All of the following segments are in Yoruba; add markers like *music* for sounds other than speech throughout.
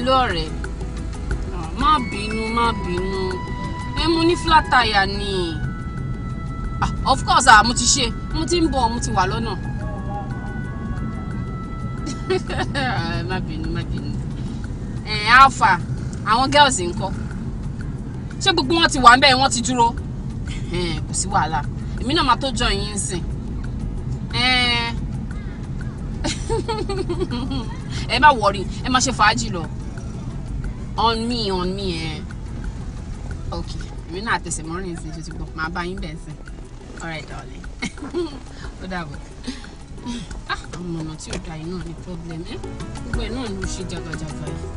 pẹ̀lú ọ̀rẹ́ ah, má bínú má bínú ẹ ní flat ni ah, of course ah, mo ti ṣe mo ti ń bọ̀ mo ti wà lọ́nà *laughs* má bínú má bínú eh, alpha àwọn girls ńkọ́ ṣé gbogbo wọn ti wà ń bẹ́ẹ̀ wọ́n ti dúró eh, kò sí wàhálà èmi náà máa tó jọ yín sìn eh, *laughs* ẹ má wọrí ẹ má ṣe fàájì lọ on me on me eh? ok èmi náà tẹsẹ̀ mọ́rin ẹ̀sìn ṣe ti gbọ́ màá bá yín bẹ̀ ẹ̀sìn alright darling *laughs* ó dàbọ̀ ah àwọn ọ̀nà tí ò da yìí náà ni problem ẹ eh. gbogbo ẹ̀ náà ló ṣe jagajaga yìí.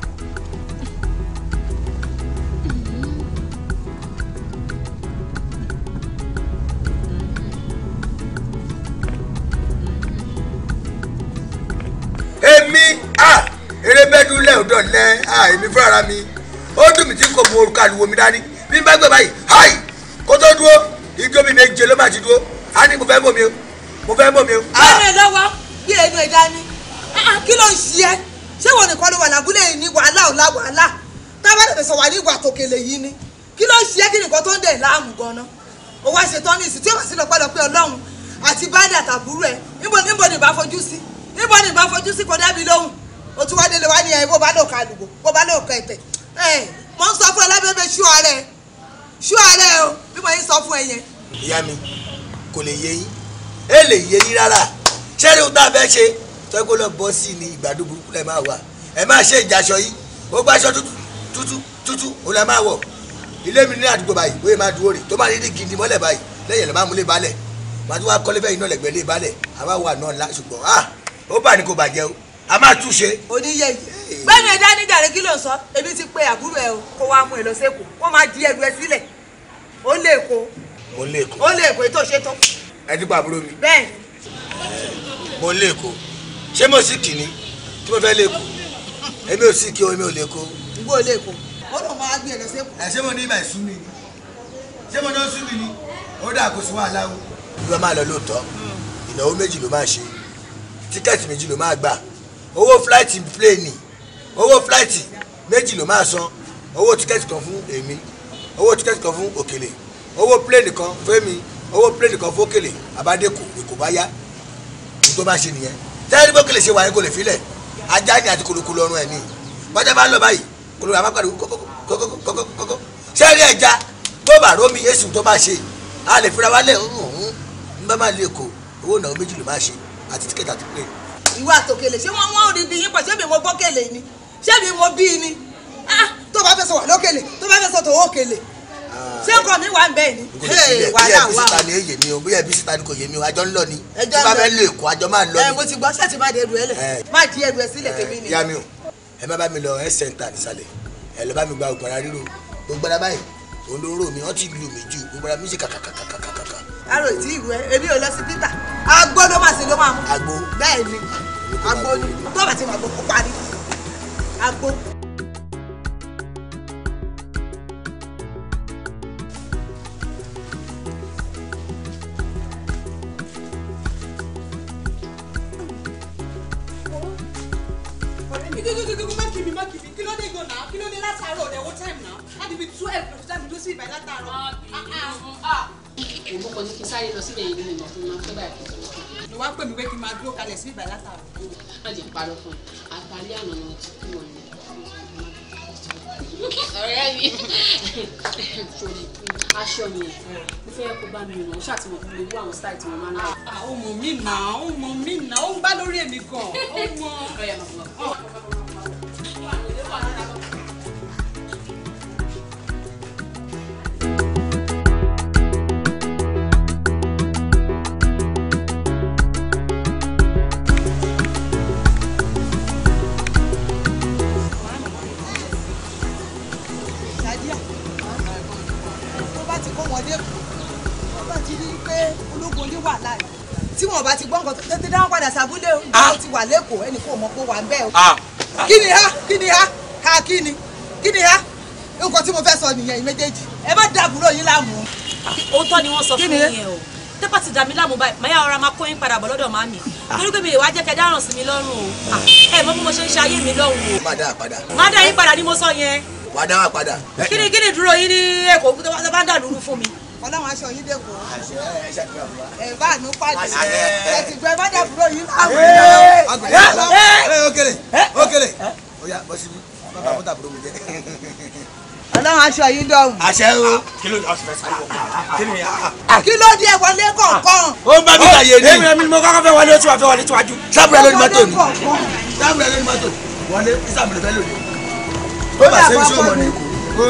orúkọ àlùwò mi dání bí n bá gbé báyìí háì kó tó dúró ìjọ mi méje ló má ti dúró á ní mo fẹ́ bòmí o mo fẹ́ bòmí o. ẹnu ẹ lọ́wọ́ bí ẹnu ẹ dání ah, ah, kí ló ń ṣe ṣé wọn nìkan ló wà lábúlé yìí ní wàhálà ọ̀la wàhálà táwọn ẹ̀fẹ̀ sọ wà ní ìwà tòkèlè yìí ni kí ló ń ṣe kí nìkan tó ń dẹ̀ láàmú gan-an ó wá ìsìn tí ó mo ń sọ fún ẹ lábẹ́bẹ́ ṣú ààrẹ ṣú ààrẹ o bí mo yín sọ fún ẹ yẹn. ìyá mi kò lè yé yín ẹ lè yé yín rárá ṣẹ́rí ohun tá fẹ́ ṣe tọ́kọ́ lọ bọ́ sí ni ìgbàdo burúkú lẹ máa wà ẹ máa ṣe ìjàṣọ yìí ó gbàṣọ tútù tútù ó lẹ máa wọ̀ ilé mi ní àdúgbò báyìí bóyá máa dúró rè tó máa rí gidi mọ́lẹ̀ báyìí lẹ́yìn lọ́ máa múlé balẹ̀ màá tún wá kọ́lé bẹ́ẹ̀ iná lẹ̀gbẹ́ lé balẹ̀ àwa wà náà lá ṣùgbọ́n ah, ó bà ní a máa túnṣe. oníyẹyẹ gbẹ́nu ẹ̀dá níjàre kí ló ń sọ èmi ti pe àbúrò ẹ o kó wàá mú ẹ lọ sẹ́kọ̀ọ́ kó máa di ẹrù ẹ sílẹ̀ ó lè kó. mo lè kó. ó lè kó ètò ṣe tán. ẹ ti pa àbúrò mi. bẹ́ẹ̀. mo lè kó ṣé mo sì kìíní tí mo fẹ́ lè kó èmi ò sì kí o èmi ò lè kó. ìwọ lè kó ó lọ máa gbé ẹ lọ sẹ́kọ̀ọ́. ẹ ṣé mo ní ìmọ̀ ẹ̀sùn mi ni ṣé mo ní ó mi ni ó dà kó sí wàhálà o. bí wọ́n máa lọ lóòótọ́ ìnáwó méjì ló máa ṣe tíkẹ́ẹ̀tì méjì ló máa gbà owó fúláìtì pléènì owó fúláìtì méjì ló máa san owó tíkẹ́ẹ̀tì kan fún èmi owó tíkẹ́ẹ̀tì kan fún òkèlè owó pléènì kan fẹ́mi owó pléènì kan fókèlè àbádẹ́kù èkó bá yá tó bá ṣe nìyẹn tẹ́lẹ̀ ní bókèlè ṣe wà yẹn kò lè filẹ̀ ajá ni àti kolokolo ọrùn ẹ̀ ni bọ́jà bá ń lọ báyìí kolokolo àbá pàdé kókókókókókó sẹ́ẹ̀rì ẹ̀já tó bá rómi yéṣu tó bá ṣe a lè fira wálé ń bá má lè kó owó ìnáwó méjì ló má ṣe àti tíkẹ́tì àti pléènì ìwà àtòkèlè ṣé wọn wọn ò rí bí yín pọ̀ ṣé mi mo gbọ́kèlè ni ṣé mi mo bí ni ah, tó bá fẹ́ wà lókèlè tó bá fẹ́ tòwó kèlè ṣé ah. nǹkan mi wà ń bẹ́ẹ̀ ni. bóyá ibi síta ni èyè mi o bóyá ibi síta ni kò yé mi o àjọ ń lọ ni tó bá fẹ́ lè kó àjọ máa ń lọ eh, ni. mo ti gbọ́ ṣé má di ẹrù ẹ lẹ̀ eh. má di ẹrù ẹ sílẹ̀ eh, tèmi ni. yami o ẹ má bá mi lọ ẹ sẹ́ńtà nísàlẹ̀ ẹ lọ bá mi gba ògbàrá ríro gbogbo ara báyìí olóró mi wọ́n ti lù mí ju gbogbo ara mi sì kàkàkàkàkàkà. arò ìtì ìwé èmi ò lọ sí peter agbo ló máa ṣe ló máa mú. agbo bẹ́ẹ̀ ni agbo ni tó bá ti máa gbọ́ kó parí agbo. kí ló dé látàárọ̀ ọ̀dẹ̀wò time now láti fi twelve to time tó sì ìbàdàn tààrọ̀ èmi ní kí sáré lọ síbẹ̀ yìí nínú ìmọ̀tún máa ń fẹ́ báyìí fún mi. ló wá pè mí pé kí n máa dúró kalẹ̀ sí ìgbà látàrí. má jẹ́ fún un àtàrí àná ni mo ti kú wọn. ọ̀rẹ́ mi sori aṣọ mi mo fẹ́ kó bá mi ràn ó ṣàtìmọ̀ fún mi wú àwọn style tí mo máa ń rà. Ah, ó mọ̀ nà ó mọ̀ nà ó ń bá lórí èmi gan-an ó mọ̀. kò ẹnì kò mọ̀ pé wà ń bẹ́ẹ̀ o. Ah. kí ni ha kí ni ha ha kí ni kí ni ha nǹkan tí mo fẹ́ sọ nìyẹn yìí méjèèjì ẹ má da àbúrò yín láàmú. òótọ́ ni wọ́n sọ fún mi yẹn o tẹ́pà ti dà mí láàmú báyìí màá yà ọ̀rọ̀ máa kóyún padà bọ̀ lọ́dọ̀ màmí ah. torí pé mi lè wá jẹ́ kẹ́ dáràn sí mi lọ́rùn o ah. ẹ mọ̀ mo ṣe ń ṣe ayé mi lọ́rùn o. má dá a padà. má dá yín padà ni mo sọ yẹn. wàá dá wa padà. kí ni kí ni dúró yín ní èkó tó bá ń dà lóru fún mi ọlọ́run aṣọ yín dé kó ẹ bá àánú pàdé ẹ ti gbẹ bá dàbúrò yín láwùjọ. ókèlè ókèlè ọ̀yà bọ́ síbi bàbá bó dàbúrò mi jẹ. ọlọ́run aṣọ yín dọ̀hùn. àṣẹ o ah, kí ló dé ọsùn fẹsẹ̀ kọ̀ọ̀kan. kí ló dé wọlé kọ̀ọ̀kan. ó ń bá mi tàyè ní. èmi ni mo kọ́kọ́ fẹ́ wọlé oṣù àfẹ́ wọlé tíwájú. sábúrẹ́ lórí mọ́tò ni sábúrẹ́ lórí mọ́tò wọlé sábúrẹ́ fẹ́ lónìí. ó bá ṣe ń ṣòwò ní.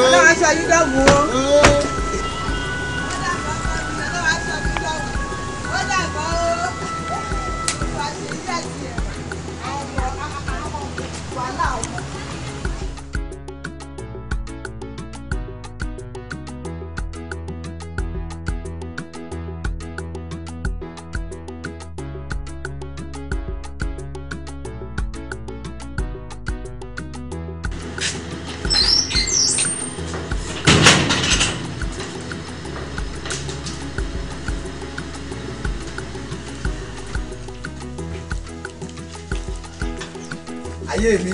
ọlọ́run aṣọ yín dọ̀hùn o.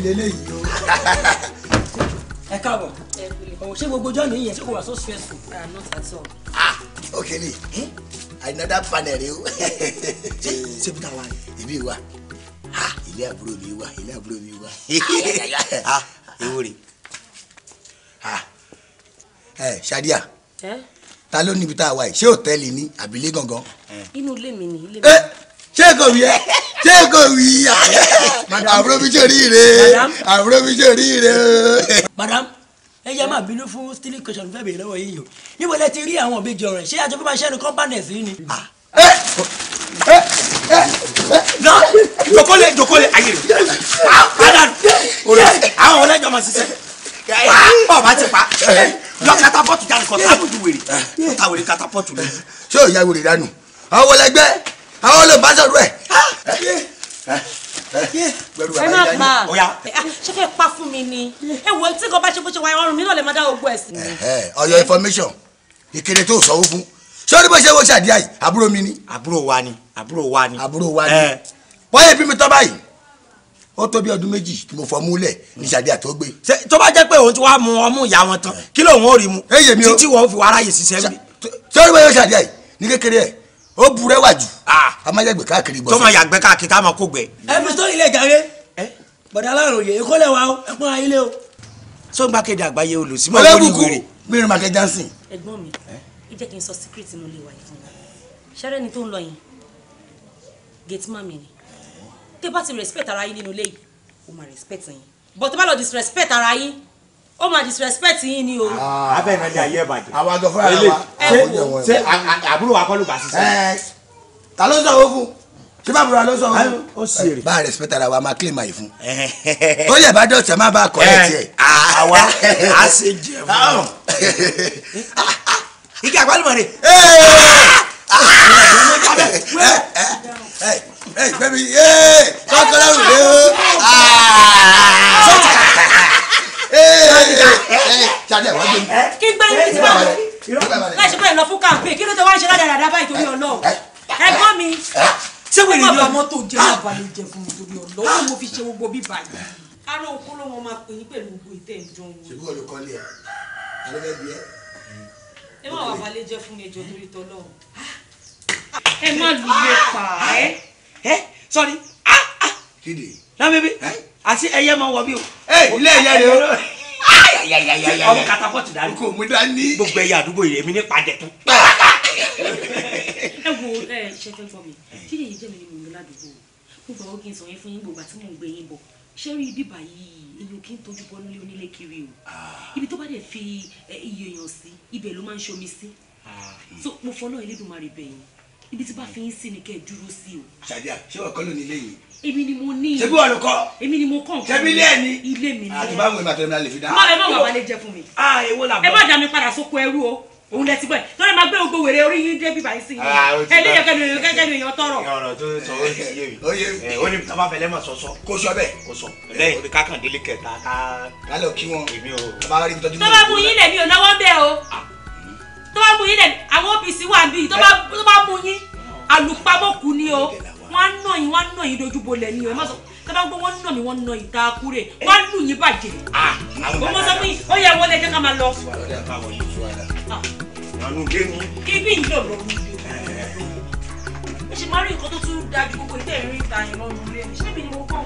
lélẹ́yìí o. *laughs* ẹ káàbọ̀ òun ṣé gbogbo jọ́ọ̀nù yìí yẹn ṣé kò wá so stressful. Ah, not at all. ah okay ni eh? another panel o. *laughs* ṣé bí táwa ni. ibi wa ilé àbúrò mi wa ilé àbúrò mi wa. ah *laughs* ewo re ah ẹ Ṣadíà eh? ta ló níbi tá a wà yìí ṣé òtẹ́ẹ̀lì ni àbílẹ̀ gangan. inú ilé mi ni ilé mi. Eh! ṣé kò wí ẹ ṣé kò wí àbúrò mi ṣe oríire àbúrò madam ẹ yá máa bínú fún stealing question fẹ́ bèèrè lọ́wọ́ yìí o níbo lẹ ti rí àwọn òbejì ọ̀rẹ́ ṣé àti fún máa ṣẹ́nu compound ẹ̀ sí ni. na jokole jokole ayé rẹ ah, padà àwọn ọlẹ́jọ́ máa ṣiṣẹ́ ọba ah, ti pa eh. lọ katapọ́tù jáde kọ́ eh. tábùdù wèrè eh. táwèrè katapọ́tù rẹ. ṣé o ya wèrè dànù àwọn àwọn olùbásọ̀rọ̀ ẹ̀. Ah! ẹ má pa ah, ṣé fẹ́ pa fún mi ni ẹ wo tí kò bá ṣe bó ṣe wáyé ọrùn mi náà lè má dá ogun ẹ̀ sí. ọyọ information ìkéde tó sọ fún sọ́ọ́rí bó ṣe wo ṣàdíyà yìí àbúrò mi ni. àbúrò wa ni àbúrò wa ni. àbúrò wa ni bọ́yẹ̀ bí mi tọ́ báyìí ó tó bí ọdún méjì tí mo fọmú lẹ ní sàdíà tó gbé. tó bá jẹ́ pé òun ti wá mu ọmú ìyá wọn tán kí lóun ó rí mu títí wọn ó fi wá ráyè ṣiṣẹ́ mi. sọ́ọ́rí bó ṣe ṣàdíyà yìí ní kékeré ẹ̀ ó burẹ́ wà jù a máa yàgbẹ́ káàkiri bọ́sẹ̀. tó máa yàgbẹ́ káàkiri tá a máa kó gbẹ. ẹ fi tó ilé ìjàre bọ̀dá alárùn yẹ ikú lẹ̀ wá o ẹ pọ́n ayílẹ̀ o. sọ ń gbàkejì àgbáyé olùsímọ̀ lórí wèrè. mìíràn máa kẹ jansen. ẹ̀gbọ́n mi ẹ jẹ́ kí n sọ síkírìtì mo lè wà yìí fún wa ṣẹ́rẹ́ ni tó ń lọ yẹn gate man mi ni tẹ́ bá ti respect ara yín nínú ilé yìí ó máa respect yín but tẹ́ bá lọ disrespect ara yín ó máa disrespect yín ni o. Ah. abẹ́ ìrìn àjẹ́ ayé ìbàjẹ́. àwọn àjọ fúnra wa àwọn ṣe àbúrò wa kọ́ ló bá ṣiṣẹ́. Eh, ta ló sọ fún ṣé bá bùrọ̀ ló sọ fún. ó sì rè. bá a respect ara wa máa claim àyè fún. tó eh. yẹ bá dọ̀tí ẹ má bá a kọ́ ẹ eh, tiẹ̀. Ah, àwa *laughs* a ṣe jẹ fún ọ. ike àgbálùmọ̀ rè. bẹ́ẹ̀ni kọ́kọ́rọ́ rè é kí n gbé ní ti báwo láì ṣe pé ìlọ fún kàmpé kí ló tó wá ń ṣe ládàá báyìí torí ọlọ́run ẹ̀gbọ́n mi ṣé wèrè ni ọmọ tó jẹ́ àbálẹ̀ jẹ fún mi torí ọlọ́run mo fi ṣe gbogbo bíbá yìí káró okó ló wọn máa pè yín pẹ̀lú gbogbo ìtẹ̀ ìjọ wọn. ṣèbí olè kọ́lé ẹ̀ alẹ́ bí ẹ. ẹ má wà balẹ̀ jẹ́ fún mi ẹjọ́ torí tọ́lọ́ ẹ má lulẹ̀ pa ẹ sọ́ni. kéde na bèbí àti ẹyẹ máa wọ bí o. ẹ ilé ẹyẹ rẹ o. ọmọ katapọ́tù dání. kò mú dání. gbogbo ẹyẹ àdúgbò yìí èmi ní padẹ tó. ẹ wo ẹ eh, ṣe fẹ́ gbọ́ mi eh. kí ni ìjẹ́ mi ni mò ń lọ ládùúgbò mo bọ̀ ọ́ kí n sọ yẹn fún yín gbogbo àti mò ń gbé yín bọ̀ ṣé rí ibi báyìí èyí ò kí n tójú bọ́ nílé onílé kiri o ah. ibi tó bá dẹ̀ fi eh, iye èèyàn sí ibẹ̀ ló máa ń ṣomi sí ah. so mo fọlọ́ Elédùmarè bẹ̀yìn ibi tí bá fi ń sí ni kẹ́ ẹ dúró sí o. ṣàdíà ṣé wàá kọ́ lónìí lẹ́yìn èmi ni mo ní. ṣebí wọn ló kọ. èmi ni mo kọ nǹkan. ṣebí ilé ẹ ní. ilé mi ni. àti báwo ni màtọ́ mi náà lè fi dá. má ẹ má wà wálé jẹ fún mi. a èwo làbọ. ẹ má dá mi padà sóko ẹrú o òun lẹ ti bọ ẹ lọ́dọ̀ máa gbé gbogbo wèrè orí yín débi báyìí sí yín ẹlẹ́yìn kẹ́nu èèyàn kẹ́kẹ́nu èèyàn tọrọ. ọ̀rọ̀ tó sọ ó yé mi ó ní tọ́ba mọ̀ sọ́sọ́. kò sọ bẹ́ẹ̀ kò sọ bẹ́ẹ̀ orí kákàndínlé mú yín lẹ̀mí àwọn òbí sí wà níbí tọ́ba mú yín àlùpàmọ́kù ni o wọ́n á nà yín wọ́n á nà yín dojúbolẹ̀ ni ẹ má sọ tẹ bá gbọ́ wọ́n nà mí wọ́n nà yín tá a kú rẹ̀ wọ́n á lù yín bàjẹ́. ọmọ ah, sọ pé ó yẹ wọlé jẹ́ ká máa lọ. kí bí ń dọ̀rọ̀ mi lò. ó eh. ṣe máa rí nǹkan tó tún dájú gbogbo ìtẹ̀rín ìta ìrọ̀rùn rẹ̀ ṣé mi ni mo kọ́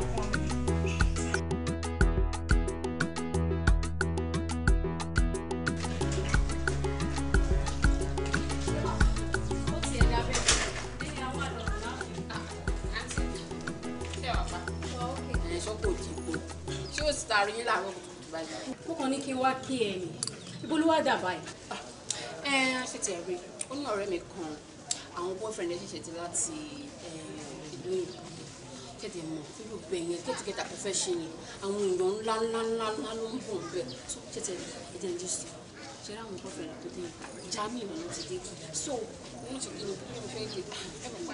dípò dípò ṣé o ti taari yín láàárọ̀ kùtùkùtù báyìí. mo kàn ní kí n wá kí ẹ ní ibo ló wá dà báyìí. Ah, ẹ ṣe ti ẹ ó ní ọ̀rẹ́ mi kan àwọn boyfriend ẹ ṣẹ̀ṣẹ̀ ti láti ìlú òyìnbó kẹ̀dẹ̀ mọ̀ irú bẹ́ẹ̀ yẹn kẹ́tìkẹ́tà kò fẹ́ ṣe yẹn àwọn èèyàn ńlá ńlá ńlá ńlá ló ń bọ̀ bẹ́ẹ̀ tó kẹ́tẹ̀ ẹ̀dẹ̀ ń jẹ́ sí ṣe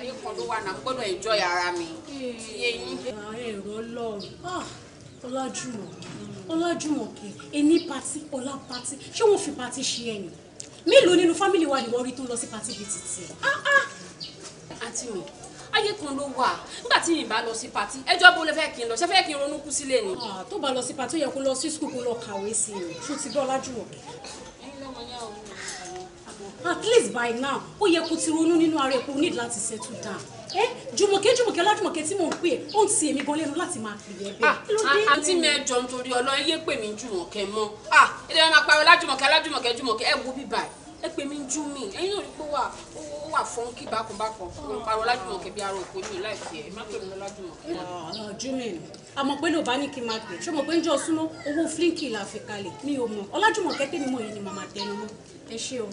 ayé kan ló wà náà gbọ́dọ̀ enjoy ara mi. ẹ̀rọ ọlọ́run ọlájúmọ̀ ọlájúmọ̀ kẹ ẹni pati ọlá pati ṣé wọ́n fi pati ṣe ẹ̀yìn mélòó nínú fámìlì wa ni wọ́n rí tó lọ sí pati bíi títì. àǹtí mi ayé kan ló wà nígbà tí yìnbá lọ sí pati ẹjọ́ bó lè fẹ́ kí n lọ ṣe fẹ́ kí n ronú kú sílé ni. tó bá lọ sí pati ó yẹ kó lọ sí skul kó lọ kàwé sí i ṣùtì bọ́ọ̀lájúmọ̀ kẹ. ẹyin lọ́mọ yẹn o at least by now ó yẹ kó ti ronú nínú ara ẹ kó need láti settle down ẹ jùmọ̀kẹ́ jùmọ̀kẹ́ ládùmọ̀kẹ́ tí mò ń pè é ó ń ti èmi gan lẹ́nu láti máa pè é bẹ́ẹ̀. àǹtí mi ẹ jọ nítorí ọlọ ẹ yé pè mí jùmọ̀kẹ́ mọ́ ah ẹ dẹ́rẹ́ máa pariwo lájùmọ̀kẹ́ lájùmọ̀kẹ́ jùmọ̀kẹ́ ẹ wo bíbá ẹ ẹ pè mí jú mi ẹyin ò rí pé wà ó wà fún kí bákan bákan ó ń pariwo lájùmọ̀kẹ́ bí ara òkú ní ìlà ìfẹ́ ẹ má pè mí lọ́lájùmọ̀kẹ́. Ah, jùmí àmọ́ pé ló bá ní kí n máa gbé ṣé mo pé ń jọ súnmọ́ owó flinky là fi kalẹ̀ mi ò mọ̀ ọlájúmọ̀kẹ́ tèmi mọ̀ yìí ni màmá tẹnu mọ́ ẹ ṣé o.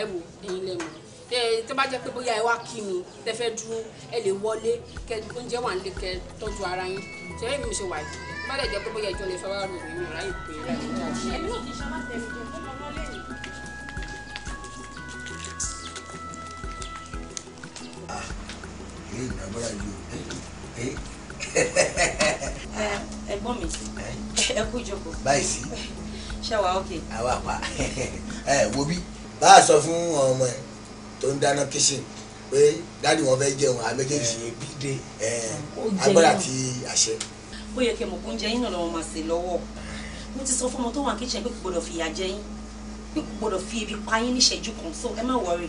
ẹ wò ẹ̀yin lẹ mọ̀ ẹ tó bá jẹ́ pé bóyá ẹ wá kí mi tẹ fẹ́ dúró ẹ lè wọlé kẹ oúnjẹ wà nílé kẹ tọ́jú ara yín ṣe é mi ṣe wà yìí bá lè jẹ́ pé bóyá ìjọ lè fẹ́ wá rò mí mi ráyè pé ẹ Ah, hey, I'm right. Hey, hey. *laughs* ẹ̀gbọ́n mi ẹ kú ìjókòó. báyìí sí. *laughs* ṣé wàá òkè. àwa pa *laughs* ẹ wo bí bá a sọ fún ọmọ ẹ tó ń dáná kíṣìn pé dáàdi wọn fẹ́ jẹun àmẹjẹsì ebi dé agbára àti àṣẹ. ó yẹ kí mọ̀kún jẹ yín náà lọ́wọ́ máa ṣe lọ́wọ́ mo ti sọ fún ọmọ tó wà kíṣìn pé kò gbọdọ̀ fìyà jẹ yín pé kò gbọdọ̀ fi ebi pa yín níṣẹ́jú kan so ẹ má wọrí.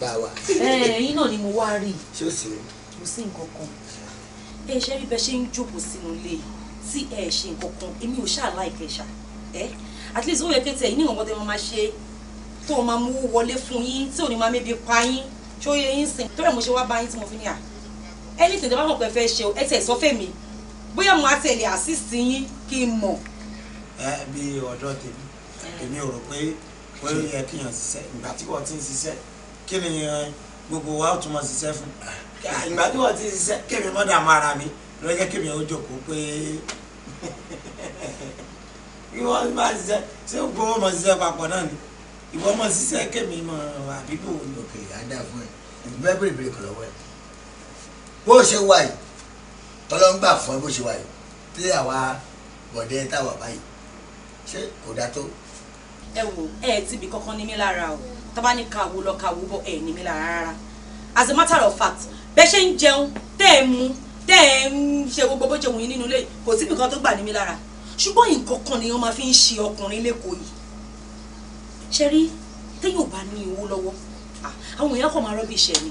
báwa. ẹ̀yin náà ni mo wá rí. ṣé o sì rí sí nǹkan kan ẹ ṣe rí bẹ ṣe ń jókòó sínú ilé tí ẹ ṣe nǹkan kan èmi ò ṣáà láìpẹ́ ṣá ẹ at least ó yẹ kí tẹ ní ìwọ̀n tẹ máa ṣe tó o máa mú wọlé fún yín tí ò ní máa mébi pa yín tí ó yẹ yín sìn tó rẹ̀ mo ṣe wá bá yín tí mo fi ní à ẹni tẹ̀lé bá mọ̀ pé fẹ́ ṣe ẹ tẹ̀ sọ fẹ́ mi bóyá mo á tẹ̀lé assist yín kí n mọ̀. ẹ bí ọ̀dọ́ tèmi èmi ò rò pé ó yẹ kíyàn ṣiṣẹ́ ìgbà tí wọ́n ti ń ṣiṣẹ́ kí ni eh, gbogbo wa ó tún máa ṣiṣẹ́ fún ìgbà tí wọ́n ti ṣiṣẹ́ kémi mọ́dà mọ́ ara mi lọ́jọ́ kémi ó jókòó pé kí wọ́n bá ṣiṣẹ́ ṣé o gbowó mọ̀ ṣiṣẹ́ papọ̀ náà ni ìwọ mọ̀ ṣiṣẹ́ kémi mọ̀ àbíbò ni. ok ada fún ẹ ìgbẹ́ bèrèbèrè kọ̀ lọ́wọ́ ẹ bó ṣe wà yìí tọ́lọ́ngbà fún ẹ bó ṣe wà yìí tí àwa bọ̀dẹ́ táwa báyìí ṣé kò dáa tó. ẹ wo ẹ ti bì kankan ní mi lára o tọ́ba ní kàwó lọ kàwó bọ̀ ẹ ní mi lára rárá as a matter of fact bẹ́ ṣe ń jẹun tẹ́ ẹ̀ mu tẹ́ ẹ̀ ń ṣe gbogbo bó ṣe wù yín nínú ilé kò síbi kan tó gbà ní mi lára ṣùgbọ́n nǹkan kan ni wọ́n máa fi ń ṣe ọkùnrin lẹ́kọ̀ọ́ yìí ṣe rí téèyàn ò bá ní owó lọ́wọ́ àwọn èèyàn kò máa rọ́bì ìṣẹ́ ni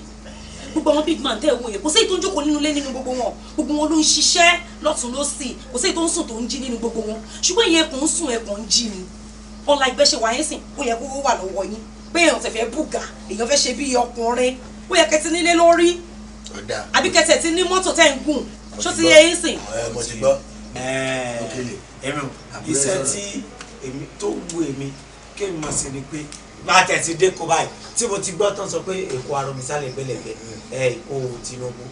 gbogbo àwọn big man tẹ́ ẹ̀ wò yẹn kò sí èyí tó ń jókòó nínú ilé nínú gbogbo wọn gbogbo wọn ló ń ṣiṣẹ́ lọ́tún lọ́sì kò sí èyí tó ń sùn tó ń jí nínú gbogbo wọn ṣùgbọ́n ìyẹn kò ń àbí kẹsẹ̀ tí ní mọ́tò tẹ́ ń gùn ṣó ti yẹ yín sìn. mo ti gbọ́ iṣẹ́ tí èmi tó wù èmi kémi mọ̀ sí ni pé bá tẹ̀sí dé kó báyìí tí mo ti gbọ́ tán sọ pé èkó arọmísálẹ̀ gbẹlẹ̀gbẹ́ ẹ èkó Tinubu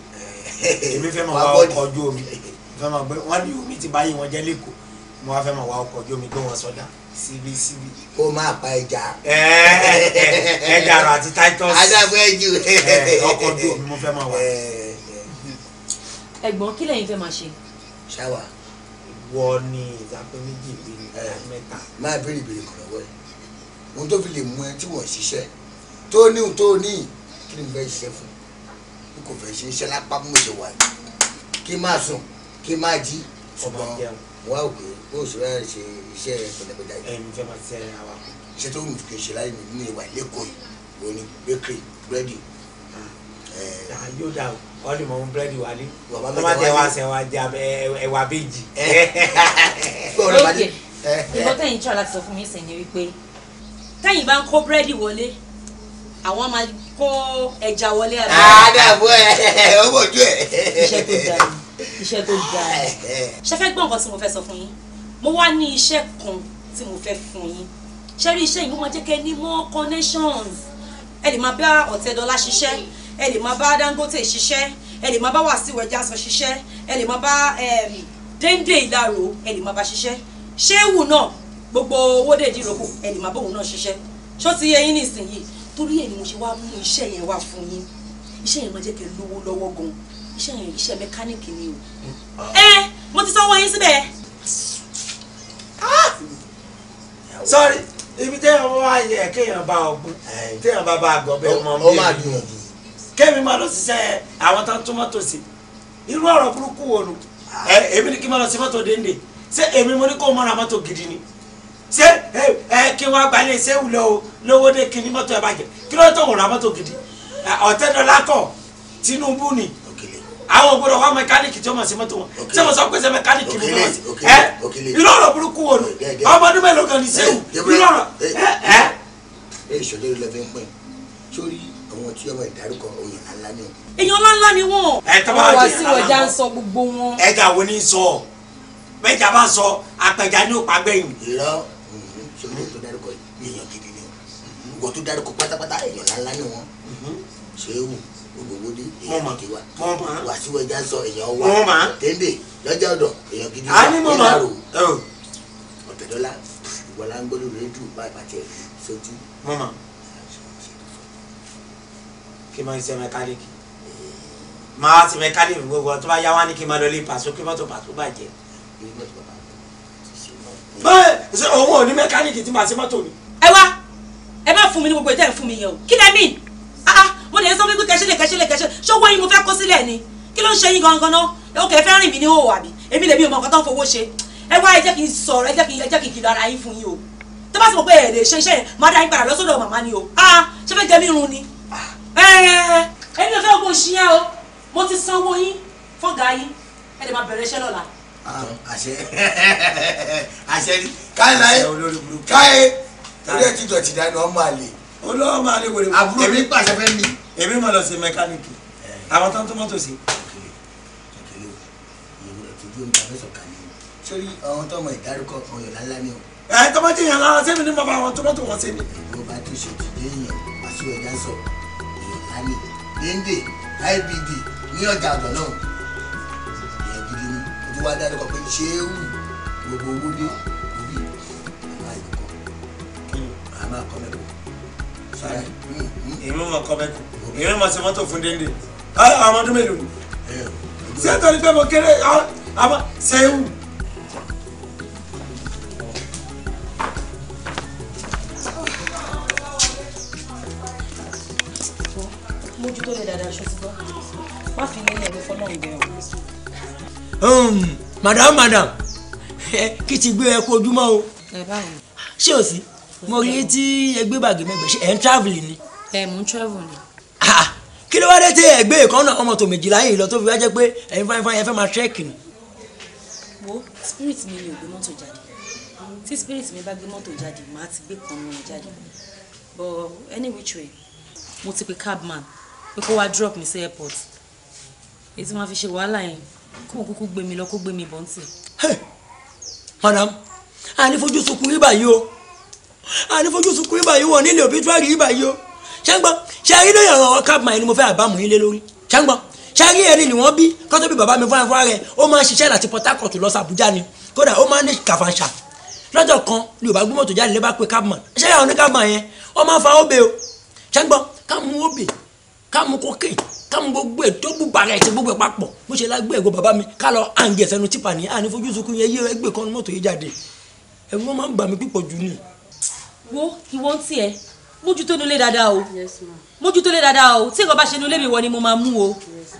èmi fẹ́ máa wá ọkọ̀ ojú omi fẹ́ máa gbé wọ́n ní omi ti báyìí wọ́n jẹ́ lẹ́kọ̀ọ́ mo wá fẹ́ mọ̀ wá ọkọ̀ ojú omi gbé wọn sọ́dà síbi síbi. kó máa pa ẹja. ẹja àrò àti titus. adágún ẹjú. ọkọ̀ ojú omi mo fẹ́ mọ̀ wá. ẹ̀gbọ́n kí lẹ́yìn fẹ́ máa ṣe. ṣáwà. wọ ni ìdápẹ́ méjì bíi mẹ́ta. máa béèrè ìbéèrè kan lọ́wọ́ ohun tó fi lè mú ẹ tí wọ́n ṣiṣẹ́ tó ní ohun tó ní kí ni mo fẹ́ ṣiṣẹ́ fún mi kò fẹ́ ṣe iṣẹ́ lápá mo ṣe wà kí n sùn kí n máa jí ṣùgbọ́n wá òkè bó o sọ̀rọ̀ ṣe iṣẹ́ pẹ̀lẹ́pẹ̀lẹ́ yìí. ẹ̀yin fẹ́ máa ṣe àwa. iṣẹ́ tó wù kí n ṣe láyé mi nínú ìwà lẹ́kọ̀ọ́ yìí wo ni bakery búrẹ́dì. Ah, ah, yóò dà o wọ́n lè mọ ohun búrẹ́dì wà ní. wọ́n máa tẹ wá sẹ́wà jẹ ẹ̀wà bèjì. lókè ìbọn tẹ̀yìn tí wọ́n láti sọ fún mi sẹ́yìn wípé tẹ̀yìn bá ń kó búrẹ́dì wọlé àwọn máa kó ẹja wọlé àbí. àdàbọ̀ ah, ẹ̀ ọmọ ojú ẹ̀. iṣẹ́ tó dáa iṣẹ́ tó dáa *laughs* ṣe fẹ́ gbọ́ nǹkan tí mo fẹ́ sọ fún yín mo wá ní iṣẹ́ kan tí mo fẹ́ fún yín ṣé rí iṣẹ́ yìí wọ́n jẹ́ kẹ́ ní more connections ẹ lè máa bá Ọ̀tẹ́dọ́lá ṣiṣẹ́ ẹ lè máa bá Dangote ṣiṣẹ́ ẹ lè máa bá Wàsíù Ẹ̀jásàn ṣiṣẹ́ ẹ lè máa bá Dèndé Ìlàrò ẹ lè máa bá ṣiṣẹ́ ṣéwù náà gbogbo owó dèjì ìrókò ẹ lè máa bóun náà ṣiṣẹ́ ṣó ti yẹ yín nísìnyí torí ẹ̀ ni mo ṣe wá mú iṣẹ́ yẹn wá fún yín iṣẹ́ yẹn máa jẹ́ kẹ́ lówó lọ́wọ́ gan iṣẹ́ yẹn iṣẹ́ mẹkáníìkì ni o. Hmm. ẹ mo ti sanwó yín síbẹ̀. Ah! sọ́rí ibi téèyàn bá wá yẹ kéèyàn bá ọgbọ́n téèyàn bá bá àgọ́ bẹ́ẹ̀ mọ́ bí èyí kémi máa lọ ṣiṣẹ́ àwọn tó ń tún mọ́tò sí irú ọ̀rọ̀ burúkú wo nu èmi ni kí n máa lọ sí mọ́tò dénde ṣé èmi mo ní kó o mọ́ra mọ́tò gidi ni ṣé ẹ kí wọ́n gbalẹ̀ ṣé wùlẹ̀ o lówó dé kí ni mọ́tò ẹ bàjẹ́ kí ló tó wọ̀n ra mọ́tò gidi ọ̀tẹ́dọ́lá Tinubu ni àwọn gbọ́dọ̀ wá mẹkáníìkì tí ó máa ṣe mọ́tò wọn tí wọ́n sọ pé ṣe mẹkáníìkì ló máa ṣe ẹ irú ọ̀rọ̀ burúkú wo ni ọmọ ọdún mélòó kan ní sẹ́wù irú ọ̀rọ̀ ẹ ẹ. ẹ ìṣòro ló fi ń pín sórí àwọn tí ọmọ ìdárúkọ òyìn ńlá ni. èèyàn ńláńlá ni wọn. ẹ tọ́ bá wà sí ọjà ń sọ gbogbo wọn. ẹja wo ni sọ mẹja bá sọ apẹja ní òpá gbẹ̀yìn. ìrọ ìṣòro tó dárúkọ èèyàn gidi ni wọn tó gbogbo dé èèyàn kìkì wa wà sí wẹjà sọ èèyàn wà téńdè lọ́jà ọ̀dọ̀ èèyàn gidi wà nílàrò ọ̀tẹ̀dọ́là ìwọlá ń gbọ́dọ̀ lórí dùn bá ìbàjẹ́ sójú. kí n máa ṣe mẹkáníìkì máa ṣe mẹkáníìkì gbogbo tó bá yá wá ní kí n máa lọ lé pàṣọ kí mọ́tò pàṣọ bàjẹ́. bẹ́ẹ̀ òun ò ní mẹkáníìkì tí màá ṣe mọ́tò mi. ẹ wá ẹ má fún mi ní gbogbo ìtẹ́ ẹ̀ fún mi yẹn o kí lẹ́ mìíràn Ah, ah, mo lè sọ pé kẹsílẹ̀ kẹsílẹ̀ kẹsílẹ̀ ṣọwọ́ yín mo fẹ́ kó sílẹ̀ ni kí ló ń ṣe yín gangan náà ok fẹ́ rìn mí ní òwò àbí èmi lèmi ò mọ nǹkan tó ń fowó ṣe ẹ wá ẹ jẹ́ kí n sọ̀rọ̀ ẹ jẹ́ kí n ẹ jẹ́ kí n kìlọ̀ ara yín fún yín o tó bá sì mọ̀ pé ẹ̀ lè ṣe iṣẹ́ yẹn máa dá yín padà lọ́sọ̀dọ̀ màmá ni o ah, ah ṣé fẹ́ jẹ mí run ni eh, eh, eh, èmi ò fẹ́ ogun òṣì yẹn o mo ti sanwó yín fọ́gà yín ẹ̀ lè máa bẹ̀rẹ̀ iṣẹ́ lọ́la. àṣẹ *laughs* àṣẹ ni káyọ̀ láyé káyọ̀ torí ẹ̀ ti dọ̀tí dáná ọmọ àlè olówó máa lè wèrè àbúrò mi pàṣẹ fẹ́ mi èmi mo lọ sí mẹkáníìkì eh. àwọn tó ń tó mọ́tò sí. sórí àwọn tó mọ ìdárúkọ ọyọ lálá ni o. ẹ tọmọtì yẹn lára sẹ́mi ni mo bá àwọn tọmọtò wọn sẹ́mi. ìwọ bá tó ṣe ti dé èèyàn àti ọjà sọ èèyàn lánìí déńdé ibd ní ọjà àgbọ̀ náà èèyàn gidi ni ojú wa dárúkọ pé ṣé é wù gbogbo owó dé òbí àwọn àìkọ àwọn àkọ mẹ́kọ èmi mọ̀ kọ́ bẹ́ẹ̀ èmi mọ̀ sí mọ́tò fún déndé àwọn ọdún mélòó ni ṣé ẹ tọ́ni pé mo kéré hmm, madam madam *laughs* kí ti gbé ẹ kó ojúmọ́ o. ẹ báwo. ṣé o sí mo rí tí ẹgbẹ́ bàgì mẹ́gbẹ̀ẹ́ ṣe ẹ̀ ń travel ni. ẹ mò ń travel ni. Ah, ah. kí ló wá dé tí ẹgbẹ́ ìkan náà ọmọ tó méjìlá yìí lọ tó fi wá jẹ́ pé ẹ̀yin fáin fáin ẹ fẹ́ máa trek ni. wo spirit mi ni ò mọ́tò jáde tí spirit mi bá gbé mọ́tò jáde màá ti gbé kan mi jáde but any which way mo ti pe cabman pé kó wá drop mi sí airport èyí tí wọ́n fi ṣe wàhálà yẹn kó wọn kúkú gbé mi lọ kó gbé mi bọ́ǹtì. madam a ní fojú sunkún ní báyìí o ànífojú sunkún ibà yìí wọ̀ nílé òbítúárì ibà yìí o ṣẹ́ngbọ́n ṣe àrí lóye ọ̀rọ̀ kápmáì ni mo fẹ́ àbámu yín lé lórí ṣẹ́ngbọ́n ṣe àrí ẹni ni wọ́n bí kọ́tọ́ bí bàbá mi fún afárá rẹ̀ ó máa ń ṣiṣẹ́ láti Port Harcourt lọ sí Àbújá ni kódà ó máa ń ní kàfàǹṣà lọ́jọ́ kan ni ò bá gbọ́mọ̀ tó jáde lé bá pe kápmáì ṣé àwọn ní kápmáì yẹn wọ́n máa ń fa óbe o ṣẹ́ngbọ́n kámú óbe kámú kókè kámú gbogbo ẹ̀ tó gbogbo ara ẹ̀ ti gbogbo ẹ̀ papọ̀ bó ṣe lágbé ẹ̀gbọ́n bàbá mi ká lọ àǹgẹ̀ sẹ́nu tìpà ní ànífojú sunkún yẹn yí ẹgbẹ́ kan mọ́tò yìí jáde ẹ̀gbọ́n máa ń gbà mí pípọ̀ jù nìyí wo ìwọ ń tiẹ̀ mójútó nulẹ̀ dáadáa o mójútó lé dáadáa o tí nǹkan bá ṣe nulẹ̀ mi wọ ni mo máa mú o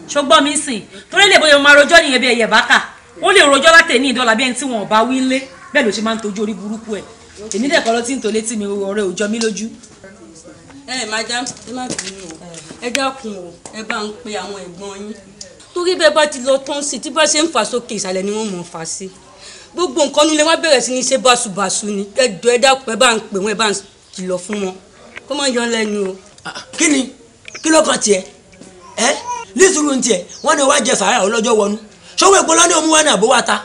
ṣùgbọ́n mi sìn torí lè bóyá mo máa rojọ́ nìyẹn bí ẹyẹ bákà ó lè rojọ́ láti ní ìdọ́là bí ẹni tí wọn ò bá wí lé bẹ́ẹ̀ ló ṣe máa ń tọ́jú orí burúkú ẹ̀ èmi dẹ̀ kọ́ ló ti ń tolé tí mi ọ̀rẹ́ òjọ́ mi lójú. ẹ ẹ madam ẹ má bínú o ẹ dákun o ẹ bá ń pe àwọn ẹ̀gbọ́n yín torí bẹ́ẹ̀ bá ti lọ tán sí tí bá ṣe ń fà sókè ìsàlẹ̀ ni wọ́n mọ̀ fà sí gbogbo nǹkan nílé wọn bẹ̀rẹ̀ sí ní ṣe báṣubàṣu ni ẹjọ́ ẹ dákun ẹ bá ń pè wọ́n ẹ bá ń kìlọ̀ fún wọn kó má yan lẹ́nu o. Ah, ah, kí ni kí ló kàn tiẹ̀ ẹ́ lísùrù ń tiẹ̀ wọ́n ní wàá jẹ sàárà ọlọ́jọ́ wọnú ṣọ́wọ́ èpo lọ́ní òmùwẹ́ náà bó wá ta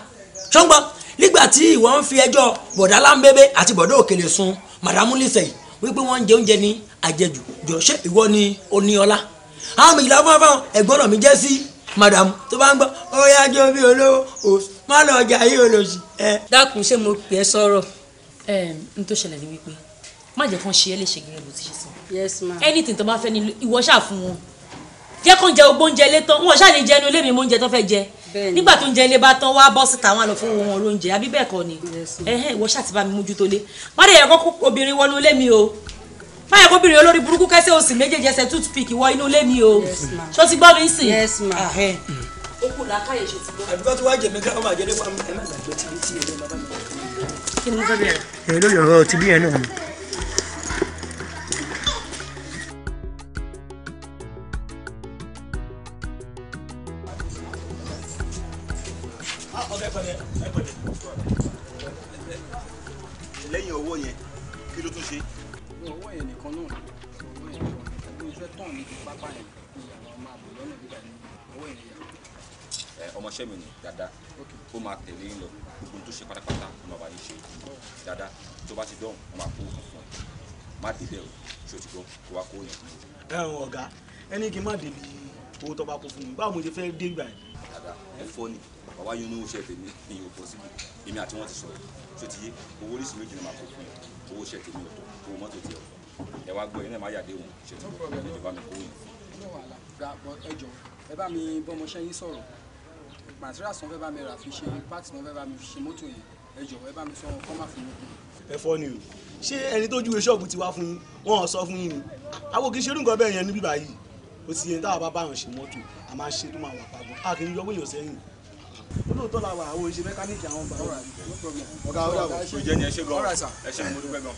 ṣọ́ngbọ́ nígbà tí ìwọ ń fi ẹjọ́ bọ̀dá lámbébé àti bọ̀dá òkèlè sun màdàmú Lísèyí wípé wọ́n ń jẹ oúnjẹ ní àjẹjù jọ ṣé ìwọ ni oníọlá àwọn méjìlá fún afáwọn náà mi jẹ́ sí màdàmú tó bá ń gbọ́ ó yá jọ bí olówó má lọ ọjà yìí olóṣì. dákun ṣé mo pè é sọ̀rọ̀. n tó ṣẹlẹ̀ ni wípé má jẹ́ kán ṣe é lè ṣe gẹ́gẹ́ bó ti ṣe sọ. yes ma. anything tó bá fẹ́ ni ìwọ ṣáà fún wọn jẹ́ kó ń jẹ ogbó oúnjẹ ilé tán wọn ṣáà lè jẹ inú ilé mi mọ oúnjẹ tó fẹ́ jẹ nígbà tó ń jẹ ilé bá tán wá bọ́ síta wọn lọ fún wọn lóúnjẹ àbí bẹ́ẹ̀ kọ́ ni ẹ̀hẹ́n ìwọ ṣáà ti bá mi mójútó lé má lè yẹ kó obìnrin wọnú ilé mi o má yẹ kó obìnrin olórí burúkú kẹsẹ̀ òsì méjèèjì ẹsẹ̀ toothpick wọ inú ilé mi o ṣó ti gbọ́ mi sìn ó kù lákàyè ṣe ti gbọ́. àdúgbò ẹ̀ náà má débi owó tó bá kó fún mi báwo mo ṣe fẹ́ dé gbà yẹn. dada ẹ fọ ni bàbá yín ní oṣù tèmi ìyẹn ò pọsibú èmi àti wọn ti sọ̀rọ̀ tó ti yé owó oríṣi méjì ni màá kó fún yẹn owó oṣù tèmi ọ̀tọ̀ owó mọ́tò tiẹ̀ ọ̀tọ̀ ẹ wá gbọ́ yẹn náà má yàdé wọn ṣètò ìjọba mi kó yẹn. ẹ jọ ẹ bá mi bọ́mọṣẹ́ yín sọ̀rọ̀ material sọ bá mi rà fi ṣe parts náà bá mi ṣe mọ́tò yẹn ẹ jọ̀wọ́ ẹ bá mi sọ wọn kọ́ má ẹ fọ́ ni o ṣé ẹni tó júwe ṣọ́ọ̀bù ti wá fún wọn sọ fún yín ni àwọn kì í ṣerú nǹkan bẹ́ẹ̀ yẹn níbí báyìí ó ti yẹn táwa bá báyọ̀ ṣe mọ́tò a máa ṣe tó máa wà pàgọ́ a kì í yọ wéyàn sẹ́yìn olóòótọ́ la wà àwọn oṣù mẹkáníìkì àwọn ọgbà wà. ọ̀gá ọ̀gá ọ̀gá ṣe ìjẹ́ni ẹ ṣe gan ẹ ṣe mo dúpẹ́ gan.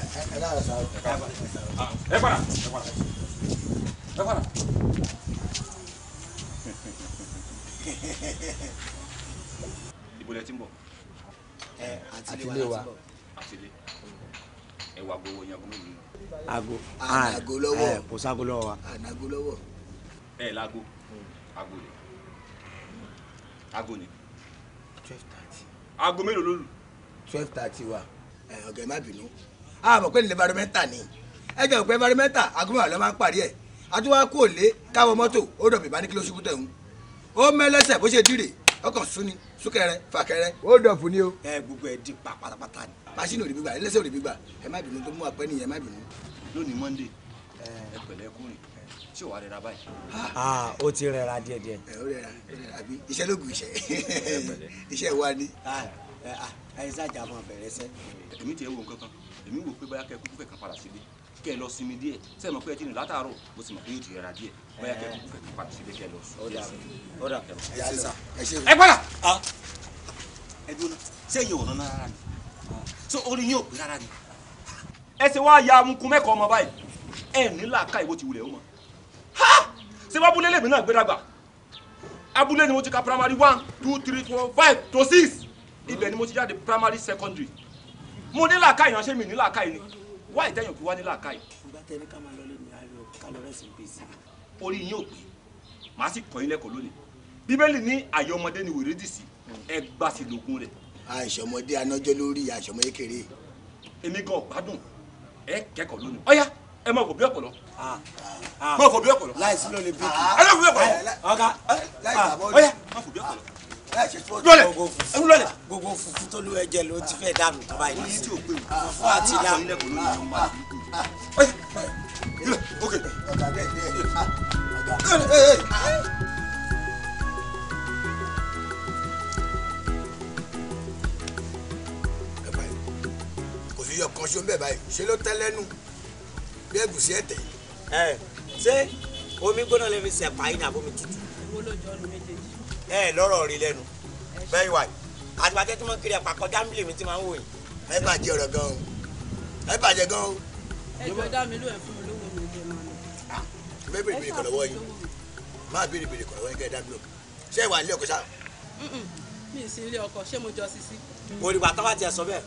ẹ padà ẹ padà ẹ padà. ibo lẹ ti ń bọ̀. àtìlé wa àtìlé ẹ wà gbowó yangun mi ago anago ah, eh, lọ́wọ́ ẹ kò sago lọ́wọ́ wa. anago lọ́wọ́. ẹ lago ago ni ago ni. twelve thirty. ago mélòó ló twelve thirty wa. ẹ eh, ọ̀gá ẹ má bínú àmọ̀ pé nílẹ̀ barometer ni ẹ jẹ́ òpin barometer ago mẹ́wàá ló máa ń parí ẹ̀ àtúwá kú òlé káwọ mọ́tò ó dọ̀bì bá ní kí ló ṣubú tẹ̀ ó mẹ́lẹ́sẹ̀ bó ṣe dìrè ọkàn sún súkẹrẹ fàkẹrẹ. ó dọ̀fù ni o. ẹ gbogbo ẹ di pa pátápátá ni pàṣínà òde gbígbà ẹlẹ́sẹ̀ òde gbígbà ẹ má bínú tó mú apẹ́ nìyẹn ẹ má bínú. lónìí monday ẹ pẹ̀lẹ́ kúrin tí ò wá rẹra báyìí. ó ti rẹra díẹ̀ díẹ̀. ẹ ó rẹra àbí iṣẹ́ ló gùn iṣẹ́ iṣẹ́ wa ni. ẹ ẹ ṣáàjà máa bẹ̀rẹ̀ sẹ́ èmi tiẹ̀ wo nǹkan èmi wò pé báyà kẹ́kọ̀ọ́ fẹ́ kàn padà sílé kẹ́ ẹ lọ sinmi díẹ̀ ṣe mọ̀ pé ẹ ti nù látàárọ̀ mo sì mọ̀ pé yóò ti rẹra díẹ̀ bóyá kẹ́ ẹ kúkú fẹ́ pàtó síbi kẹ́ ẹ lọ sùn. ọ̀dà ẹ gbọ́dọ̀ ẹ dúró ṣé èyí ò nánà rárá ni ṣé orí yín ò pé rárá ni ẹ ṣe wá ya amukun mẹ́kọ̀ọ́ ọmọ báyìí ẹ ní làákà ìwọ ti wulẹ̀ ọmọ ṣé wàá búlé lèmi náà gbéraga abúlé ni mo ti ka primary one two three four five to six ibẹ̀ ni mo ti jáde primary secondary mo ní làákà ìránṣẹ́ mi ní làákà ìrìn wá ìtẹ́yìn òkú wá ní làákàyè. ìgbà tẹ́lẹ̀ ká máa lọlé ní ayọ̀ kálọ̀rẹ́sì gbèsè. orí yín ò pé màá sì kọ́ yín lẹ́kọ̀ọ́ lónìí bíbélì ní àyè ọmọdé ni wèrè dì sí ẹ gbà sí lógún rẹ̀. àìsọmọdé anájọ lórí àìsọmọ kékeré. èmi gan gbádùn ẹ kẹ́kọ̀ọ́ lónìí ọ̀yá ẹ máa wò bí ọ̀pọ̀lọ. máa fò bí ọ̀pọ̀lọ. láìsí ló lè bí kì í. ọ̀gá láìsí àbọ̀ ọ̀yá máa fò bí ọ̀pọ̀lọ lọlẹ ẹnu lọlẹ. gbogbo fufu tó lu ẹ̀jẹ̀ ló ti fẹ́ dànù tó báyìí lọ sí fufu àti dànù. kò sí yọ kan ṣó ń bẹ̀ báyìí ṣé ló tẹ́ lẹ́nu bí ẹ̀gúsí ẹ̀ tẹ̀. ṣé omi gbóná lè fi ṣẹ̀pá yín àbómi tútù. owó ẹ lọ́rọ̀ rí lẹ́nu bẹ́ẹ̀ wà àtìwá tẹ́tí mọ́ kiri àpapọ̀ dáńbìlì mi ti máa ń wò yìí. ẹ bàjẹ́ ọ̀rọ̀ gan o ẹ bàjẹ́ gan o. ẹ jọ dá mi ló ẹ fún mi lówó mi jẹ mọ ni. mi bèrè bèrè kọ̀ lọ́wọ́ yín máa bèrè bèrè kọ̀ lọ́wọ́ yín kẹ́ ẹ dá mi lò ṣé ìwà ilé ọkọ sáà. mi ì sí ilé ọkọ ṣé mo jọ sisi. olùgbà tó bá tiẹ̀ sọ bẹ́ẹ̀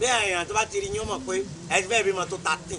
bẹ́ẹ̀ èèyàn tó bá ti rí yín ó mọ̀ pé ẹ ti fẹ́ bímọ tó ta tìǹ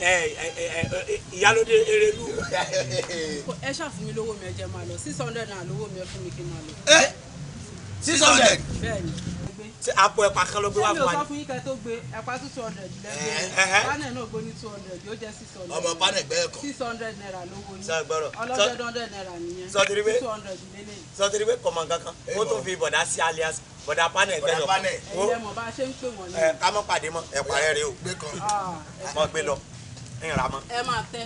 ìyálóde erelu. ẹ ṣàfún mi lówó mi ẹ jẹ máa lọ six hundred naira lówó mi ẹ fún mi kí n máa lọ. six hundred. bẹ́ẹ̀ni tí apò ẹ̀pà kan ló gbé wá fún wa. ṣé mi ò sọ fún yín kẹ́ tó gbé ẹ̀pà two two hundred lẹ́gbẹ̀ẹ́ panel náà gbé ní two hundred yóò jẹ́ six hundred. ọmọ panel gbẹ́ kan. six hundred naira lówó yín. sọgbọrọ ọlọ́dẹ hundred naira nìyẹn. sọtiri pé two hundred lélẹ̀. sọtiri pé kọ̀mọ̀ kankan ó tó fi bọ̀dá sí alias bọ̀dá panel gbẹ́ lọ. ẹ̀yin lẹ́mọ̀ bá a ṣe ń pè wọ́n ní. ká mọ́ pàdé mọ́ ẹ̀pà rẹ̀ rè o. gbé kan. Ah, mọ́ gbé lọ ń ra mọ́. ẹ máa tẹ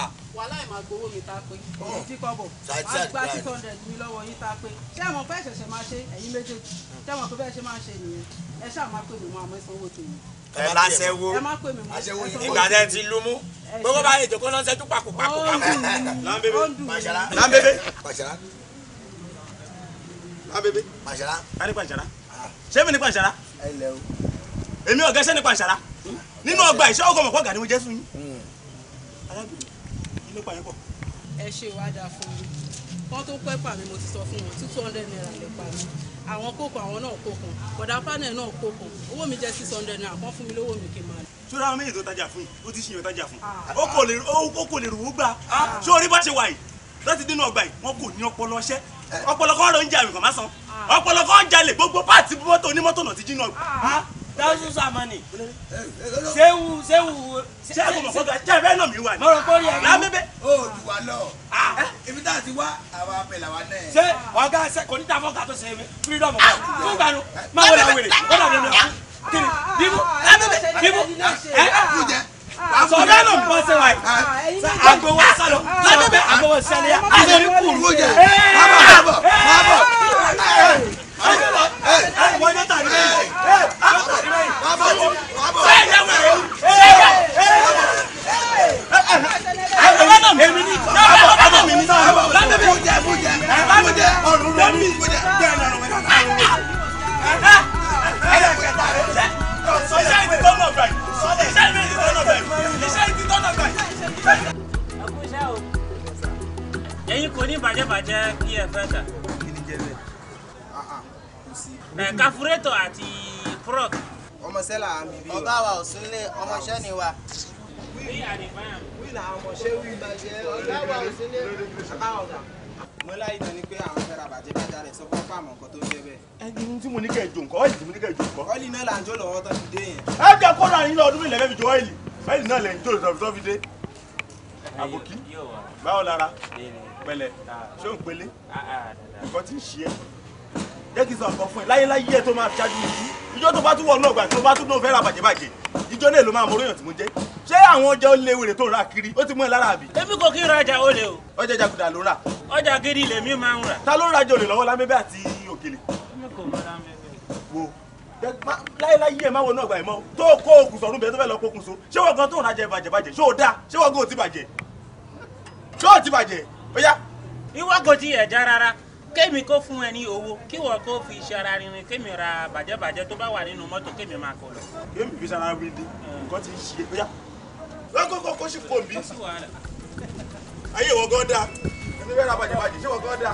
ah. wàhálà ìmọ̀ àgbowó mi ta pé oh. ìdí kọ́bọ̀ wàá gba six hundred mi lọ́wọ́ yín ta pé ṣé àwọn fẹ́ ṣẹ̀ṣẹ̀ máa ṣe ẹ̀yin méjèèjì ṣé àwọn fẹ́ ṣe máa ṣe nìyẹn ẹ ṣáà máa pè mí mọ́ àmọ́ ìsanwó tèmi ẹ bá ṣe wo ìgbà tẹ ti lu mú gbogbo bá yẹ jòkó lọ́sẹ̀ tún pàkó pàkó pàkó lánbébé lánbébé lánbébé pàṣẹlá kárí pàṣẹlá ah. ṣé mi ní pàṣẹlá èmi ọ̀gá ṣé ní pàṣẹlá nínú ọgbà ìṣẹ́ ọgọ́ mọ̀kọ́ gàdé mo jẹ́ fún yín. Hmm. arábìnrin ilé pa yẹn pọ̀. ẹ ṣe ìwádàá fún mi wọ́n tó pẹ́ pàmí mo ti sọ fún wọn two hundred naira lè pa mi àwọn kókò àwọn náà kókò bọ̀dà panel náà kókò owó mi jẹ́ six hundred naira kan fún mi lówó mi kì í máa lọ. sọ́dọ̀ àwọn méjì tó tajà fún yìí ó ti ṣìyàn tajà fún ah. ó kò lè rò ó gbà ah. ṣé orí bá ṣe wà yìí láti dínú ọgbà yìí wọn kò ní ọpọlọ ṣẹ́ eh. ọpọlọ kan rọ ń jalè kàn má san ah. ọpọlọ kan ń jalè gbogbo páàtì mọ́tò onímọ́tò náà ti jìnnà ọgbà thousands of money. sewu sewu. sẹ́gun mọ̀ fọ́gà jẹ́ ẹ̀rẹ́ náà mi wà ní. mọ̀rọ̀ kórìí ẹ̀rọ. lámẹ́bẹ̀. o jù wá lọ. Ah. ibi tá a ti wá àwọn abẹ́là wa náà. ṣé ọ̀gá kò ní ta fọ́gà tó ṣe freedom of ọ̀gá ah. fún ìgbàanu ah. máa wọlé wèrè wọ́n náà lọ́nà kiri dimu lámẹ́bẹ̀ dimu ẹ̀ sọ̀rọ̀ ló ń bọ́ sí wa yìí àgbẹ̀wò sálọ lámẹ́bẹ̀ àgbẹ̀wò sálẹ̀ yà á lè rí kùrù ẹ̀yin kò ní bàjẹ́ bàjẹ́ kí ẹ fẹ́ tà kafureto eh, àti frog. ọmọọṣẹ́ là ń bíbí o. ọgá wa ò sílé ọmọọṣẹ́ ni wa. wí àdìbáyà. wí là ọmọọṣẹ́ wí bàjẹ́ ọgá wa ò sílé ọgá ọgá. mo láyé tán ni pé àwọn fẹ́ ra bàjẹ́ bàjẹ́ rẹ̀ sọ fún ọpá àmọ́ nǹkan tó ń jẹ́ bẹ́ẹ̀. ẹni tí mo ní kẹ́ ẹ jò nǹkan ọ́ìlì tí mo ní kẹ́ ẹ jò nǹkan. ọ́ìlì náà là ń jó lọ́wọ́ tó fi dé yẹn. ẹ jẹ́ kó ra yín lọ ọdún mélòó fi ọ́ìlì ọ́ìlì náà lẹ̀ ń jó tó fi dé. àbòkí báwo lára pẹ̀lẹ́ ah. ṣé ò ń ah, ah, nǹkan ti ń ṣe ẹ́ jẹ́kìsì ọ̀kan fún ẹ láyéláyé ẹ tó máa ṣáájú yìí ìjọ tó bá tún wọ̀ náà gbà tó bá tún náà fẹ́ bàjẹ́bàjẹ́ ìjọ náà ló máa mọ oróyàn tí mo jẹ́ ṣé àwọn ọjà olè wèrè tó ń ra kiri ó ti mú ẹ lára àbí. èmi kò kí n rajà olè o. ọjà jàgùdà ló ń rà. ọjà gidi lèmi máa ń rà. ta ló ń rajà olè lọ́wọ́ lábẹ́bẹ́ àti òkèlè. èmi kò mọ lábẹ́bẹ́. wo láyéláyé ẹ má wo kémi kó fún ẹ ní owó kí wọ́n kó fi iṣẹ́ ara rinrin kémi ra bàjẹ́bàjẹ́ tó bá wà nínú mọ́tò kémi máa kó lọ. kémi fi sara wí di nǹkan ti ṣe é yá lọ́kọ̀ọ́kọ́ kó sì kò bí ayé ìwọ gan da ẹni bẹ́ẹ̀ ra bàjẹ́bàjẹ́ ṣé ìwọ gan da.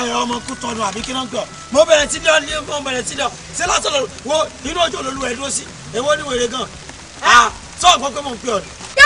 ẹyọ ọmọ kú tọdù àbí kí náà gbọ mo bẹ̀rẹ̀ tí dán ní mo bẹ̀rẹ̀ tí dán ṣé látọ̀ lọ wo inú ọjọ́ lólu ẹ̀ dúró sí èwo ni wèrè gan-an ah, sọ ọ̀gbọ́n pé mo ń pè ọ̀dọ̀.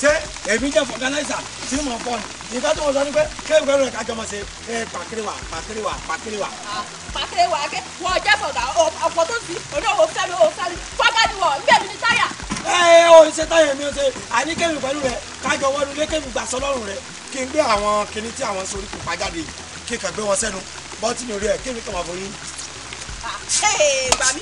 ṣé èmi jẹ́ fọ̀gánáìsà tí mo fọ́ ni nǹkan tó wọ́n sọ ni pé kéwì kẹ́rù rẹ̀ kájọ mọ̀ ṣe ẹ pàkíríwà pàkíríwà pàkíríwà. pàkíríwà ké wọ́n jẹ́ fọ̀gá ọ̀pọ̀ tó fi oníwò fẹ́mi ò fẹ́mi fọ́gá ni wọ̀ níbẹ̀ mi ni táyà. ẹ ẹ o ṣe táyà mi o ṣe àní kéwì pẹ̀lú rẹ kájọ wọnú lé kéwì gbà sọlọ́run rẹ kí n gbé àwọn kinní tí àwọn sori kò pa kí n kàn gbé wọn sẹ́nu bọ́tí mi rí ẹ kéwì kàn wà fún yín. ṣé ìgbà mi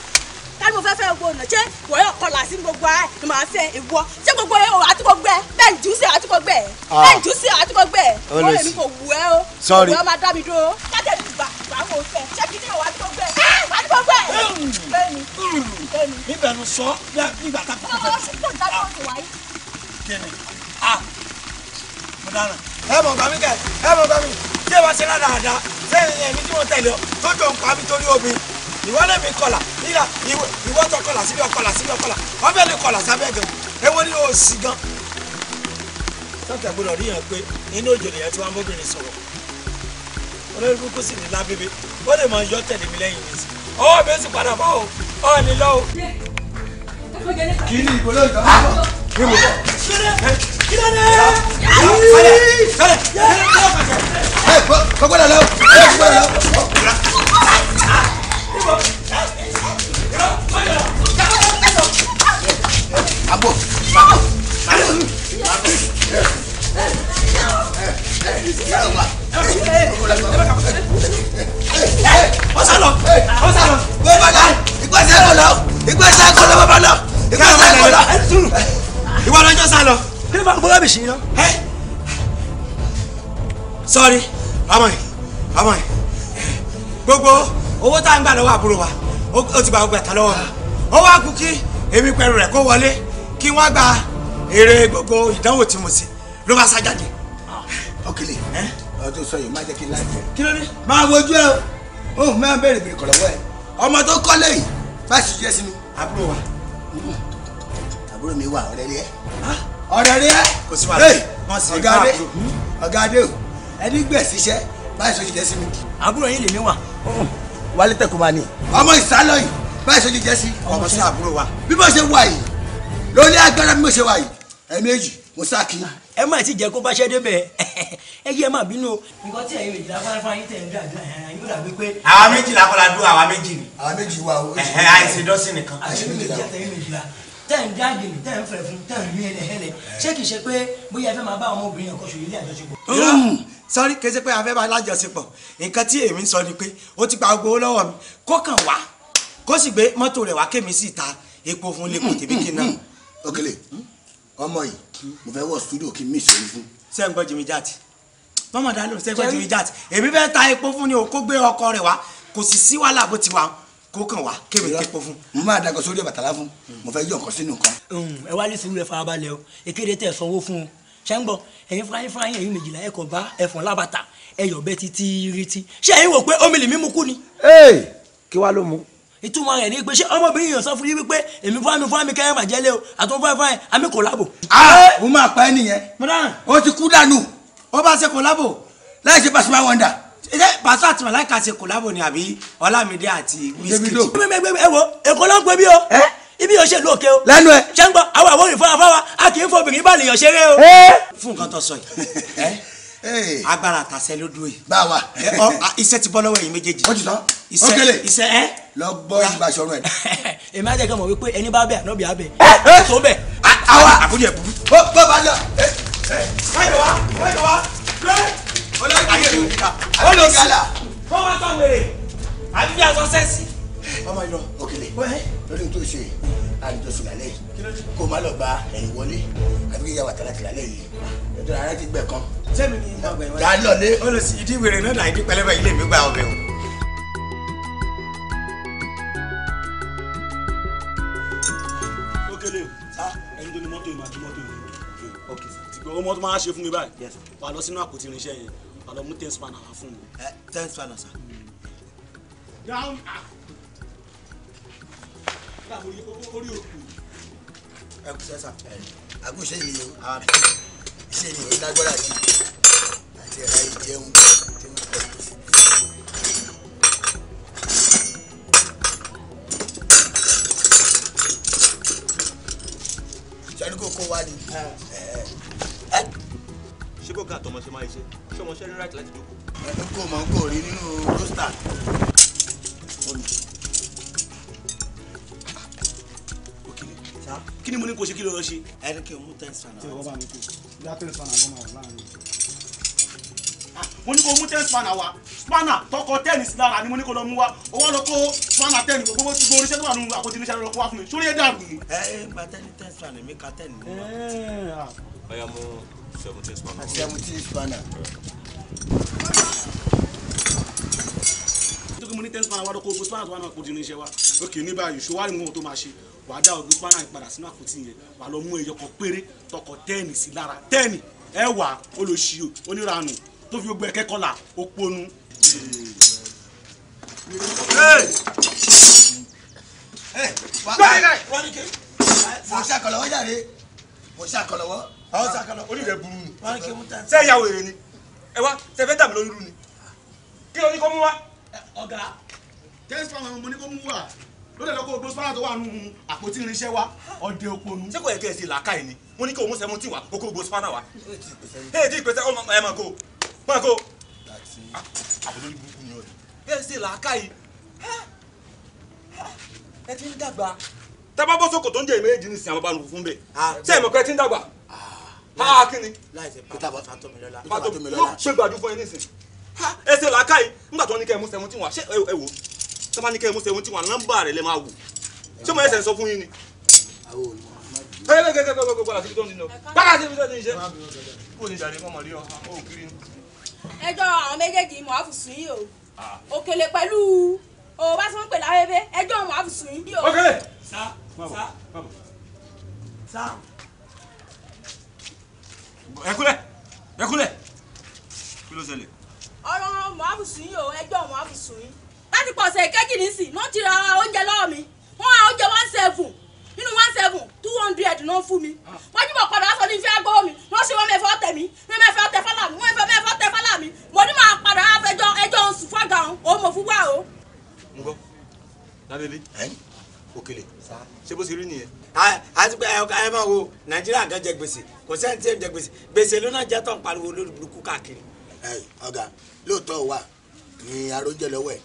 tani mo fẹ́ fẹ́ gbogbo ọ̀nà ṣé wọ́n yóò kọlà sí gbogbo ẹ ni màá fẹ́ ìwọ ṣé gbogbo ẹ o àti gbogbo ẹ bẹ́ẹ̀ jù sí àti gbogbo ẹ ah. bẹ́ẹ̀ jù sí àti gbogbo wọ́n lè mi kò wù ẹ́ o sọ́ọ̀rì wọ́n máa dá mi dúró kájẹ́ mi gbà gbà mo fẹ́ ṣé kí ni ìwà àti gbogbo ẹ ah! àti gbogbo ẹ bẹ́ẹ̀ ni bẹ́ẹ̀ ni. níbẹ̀ ló sọ nígbà tá a kọ̀ọ̀kan ah! ẹ mọ̀ gbàmí kẹ ẹ mọ̀ gbàmí tí ẹ bá ṣe ládàá àdá sẹ́yìn ẹ̀mí tí mo tẹ̀lé tó jọ ń pa ìwọ náà mi kọlà nígbà ìwọ tó kọlà síbi ọkọlà síbi ọkọlà ọbẹ̀ lè kọlà sábẹ́ gan ewo ni o sì gan. sọ́kà gbọ́dọ̀ rí yàn pé nínú òjò lèyàn tí wọ́n bóbìnrin sọ̀rọ̀ olórí kúkú sì ní lábébé ó lè máa yọ tẹ̀lé mi lẹ́yìn mi sí ọwọ́ mi sì padà bọ́ o ọ̀ ní lọ o. kì í ní ìbò lóyún kan lọ kí mo bọ̀. kí ló dé. fẹ́lẹ̀ fẹ́lẹ̀ kí ló fẹ́lẹ̀. ẹ kọ́gbọ́dọ̀ lọ ẹ kọ́gbọ́dọ̀ lọ. àbọ̀ àbọ̀ ọsàlọ ọsàlọ bọbọlá ìgbésẹ kọlọ ìgbésẹ kọlọ bọbọlá ìgbésẹ kọlọ ìwọ lọjọ sálọ kí ló bá gbọ́dọ̀ bìsí yín lọ. sọrí ọmọ yìí ọmọ yìí gbogbo owó tá à ń gbà lọ́wọ́ àbúrò wa ó ti bá gbàtà lọ́wọ́ mi ó wá kú kí èmi pẹ̀lú rẹ̀ kó wọlé kí wọ́n gba èrè gbogbo ìdánwò tí mo ṣe ló bá sá jáde. ọkìlì ọdún sọ yìí má jẹ́ kí n láìpẹ́. kí ló dé. máa wojú ẹ o ó máa bèrè bèrè kọ̀lọ́wọ́ ẹ ọmọ tó kọ́ lẹ́yìn bá jẹ́ sí àbúrò wa àbúrò mi wà ọ̀rẹ́ rí ẹ. ọ̀rẹ́ rí ẹ kò sí wàhálà wọ́n sì ká àbúrò. ọ̀gá adé o ẹni gbẹ̀sí iṣẹ́ báyìí sọ ti jẹ́ sí mi. àbúrò yín lèmi wà wálé tẹkùn bá ọmọ ìsálọ yìí báyìí jẹ́ sí ọmọ sí àbúrò wa bí mo ṣe wà yìí lórí agbára bí ṣe wà yìí ẹ̀ẹ́mẹ́jì mo sá kí. ẹ má ti jẹ kó bá ṣẹ́ débẹ̀ *laughs* ẹ yé ẹ má bínú o. nǹkan tí ẹ̀yin méjìlá fáráfárá yín tẹ̀ ń gbàdúrà yàrá yóò dàbí pé. àwa méjìlá kọ́lá dúró àwa méjì ni. àwa méjì wa o. àìsè dọ́sìn nìkan. àìsè méjìlá tẹ́ ń dágìrì tẹ́ ń fẹ̀ fún tẹ́ ń rí pé bóyá bá àwọn hmm, nǹkan tí èmi sọ ni pé ó ti gba gbowó lọ́wọ́ mi kó kàn wá kó sì gbé mọ́tò rẹ̀ wá kémi sí ìta epo fún lẹ́kọ̀ọ́ tèmi kí náà. Hmm, hmm, Òkèlè ọmọ yìí mo fẹ́ wọ studio kí n mí ìṣòro fún. ṣé Jimmy Jat mọ́mọ́ dá lóhùn ṣé Jimmy Jat èmi fẹ́ ta epo fún ni o kó gbé ọkọ rẹ̀ wá kò sì sí wàhálà bó ti wà kó kàn wá kébi képo fún. mo máa dàgbà sórí Ọbàtálá fún mo fẹ́ yọ nǹkan sínú nǹkan. ẹ wá ní sùúrù ẹ farabalẹ̀ o èkéde tẹ̀ sanwó fún un ṣé ń gbọ́ ẹ̀yin fúráyín fúráyín ẹ̀yin méjìlá ẹ̀kọ́ bá ẹ̀fọn lábàtà ẹ̀yọ̀ bẹ́ẹ̀ títí rítí ṣé ẹ̀yin wò pé omi lè mímú kú ni. ee kí wàá ló mú ìtumọ̀ rẹ̀ ní pé ṣé ọmọbìnrin yàn sọ fún yín wípé èmi fún mi fún mi kẹ́hìn bàjẹ́ lé o àtúntò fún mi fún mi àmì kòlábò. a ah, mo máa pa ẹ nìyẹn o ti kú dànù ó bá ṣe kòlábò láì ṣe pàṣípà wọ́ndà. ṣé pàṣẹ àtìmọ̀ láì ka ṣe kòlábò ni àbí ọlámídé àti wíṣíkì. ẹ wo èkó ló ń pè mí o ibi yóò ṣe lóòkè o. lẹ́nu ẹ. ṣé ń gbọ́ àwọn àwọn òrìfọ́ afáwa a kì í fọ obìnrin bá lè yàn ṣeré o. fún nǹkan tó sọ yìí *laughs* agbára àtàṣẹ ló dúró yìí. bá a wà. iṣẹ́ ti bọ́ lọ́wọ́ ẹ̀yin méjèèjì. ó ti tán ó kélé iṣẹ́ ẹ. lọ gbọ́ ìgbàsọ̀rọ̀ ẹ̀. *laughs* èmi àjẹkẹ́ mọ̀ wípé ẹni bá bẹ̀ àná bẹ̀ á bẹ̀ tó bẹ̀. àwa àkójọ ẹ̀ burú. bó bó bá lọ. wáyé wa wáyé wa pé olóògbé olóògbàlà. wọ́n wá sọ wèrè àbí bí a sọ sẹ́ẹ̀sì. ọmọ ìlọ òkèlè lórí tó ṣe àlejò sùn lálẹ́ yìí kó má lọ gba ẹ̀yìn wọlé àbí yàwá tàlàtì lálẹ́ yìí ètò ààrẹ ti gbẹ̀ kan. sẹ́mi ni mo gbẹ̀ wọ́n. yàrá lọlé. ó lọ sí ìdí wèrè náà láì dí pẹlẹbẹ ilé mi gba ọbẹ̀ o. Okele o ẹni tó ní mọ́tò yìí máa di mọ́tò yìí tìgbọ̀ owó mọ́tò máa ṣe fún mi báyìí wà lọ sínú àpótí irinṣẹ́ yẹn wà lọ mú ten spanner wá fún mi. Eh, ten spanner sa. dáhùn ah. orí òkú. ẹ kú sẹ́sà àgùnṣe eh, yìí ni iṣẹ́ ni lágbára yìí àti ẹ̀rá ìjẹun tí wọ́n pọ̀ tó fi bí. sọ́ni kò kó wá ni. Ah. ṣé kò ká àtọmọṣe máa ṣe ṣé ọmọṣẹ́ ní ráìtì láti dúkù. ẹ̀ẹ́dógún mọ̀ ń kò rí nínú rọ́stà. kí ni mo ní kò ṣe kí ló lọ ṣe. ẹ ní kí o mú ten span àwọn. tí mi kú bí a ten span àgbọn máa wà ah, mo ní kó mú ten span àwa spanner tọkọ tẹ́nìsì lára ni mo ní kó lọ mú wa owó lọ kó spanner tẹ́nì gbogbo ti gbogbo oníṣẹ́ tó wà nínú àpótí oníṣẹ́ lọ kó wá fún mi sórí ẹ̀ dàrú. ẹ ẹ gba tẹ́nì ten span mi ka tẹ́nì mi wá. ọ̀ya mo seventeen spanner. seventeen spanner mo ní ten spanner wá lọ́kọ́ ogun spanner tó náà kò di irinṣẹ́ wa òkè ní báyìí ṣòwò àrùn ohun tó máa ṣe wà á dá ogun spanner yìí padà sínú àpótí yẹn wà á lọ mú ẹyọ péré tọkọ tẹ́ẹ̀nì sí lára tẹ́ẹ̀nì ẹwà olóṣìṣẹ́ oníranù tó fi gbogbo ẹ̀kẹ́ kọlà ó ponu. sẹ́yà wèrè ni ẹ wá sẹ́fẹ́ tàbí lórí rú ni kí ló ní kó mú wá ọ̀gá tẹ́sí fáwọn ọmọ ní kó mú wà lóde lọ́kọ́ odó spanner tó wà nù àpótí irinṣẹ́ wa ọ̀dẹ òponu. ṣé kò yẹ kí ẹ ti làákà yìí ni mo ní kí òun sẹ́mu tí wà ó kó gbogbo spanner wa. ẹ ti pèsè ọmọ ẹ máa kó máa kó. àbúrò ní burúkú ni ọ̀dẹ. bí ẹ ti làákà yìí ẹ ti ń dàgbà. tábà bọ́ sókò tó ń jẹ ìmẹ́yẹ jìnnì sí àwọn bá lùkù fún bẹ́ẹ̀ ah, ṣé ẹ mọ̀ pé ẹ ti ń dàgbà. Ah, ah, láì sẹ́ pátá bọ́ sátọ́mìlọ́lá. ṣé gbàdúrà fún ẹ nísìnyí ẹ ṣe làákàyè nígbà tó ní kẹ́ ẹ mú seventeen wá ṣé ẹ wò tó bá ní kẹ́ ẹ mú seventeen wá nọ́mbà rẹ̀ lẹ́ máa wò ṣé mo ẹsẹ̀ sọ fún yín ni. ẹjọ́ àwọn méjèèjì mọ̀ á fò sùn yìí o òkèlè pẹ̀lú o bá sọ ń pè láhẹ́bẹ́ ẹjọ́ mọ̀ á fò sùn yìí o. òkèlè sá sá sá ẹkúlẹ̀ ẹkúlẹ̀ kí ló ṣẹlẹ̀ ọ̀rọ̀ mọ́àfù sùn yìí o ẹjọ́ mọ́àfù sùn yìí. láti pọ̀ ọ̀sẹ̀ kejì nísìn wọ́n ti ra oúnjẹ lọ́wọ́ mi wọ́n ra oúnjẹ one seven nínú one seven two hundred ló fún mi. Ah. wọ́n jí bọ̀ padà sọ ní fẹ́ gbọ́ mi wọ́n ṣe wọ́n mẹ́fọ́ tẹ̀ mí mẹ́fẹ́ tẹ fọ́lá mi wọ́n mẹ́fẹ́ tẹ fọ́lá mi mo ní máa padà ẹjọ́ ẹjọ́ oṣù fọ́gà òun fún wá o. n gbọ́ lábẹ́bí òkèlè ṣé bó ṣe rí nìyẹn. àti pé ẹ máa wo nàìjíríà gan jẹ gbèsè kò sẹ́ni tí ẹ jẹ gbèsè gbèsè ló náà jẹ́ tó pariwo lórí burúkú káàkiri. ẹ ọ̀gá lóòótọ́ wà ní aróúnjẹ lọ́wọ́ ẹ̀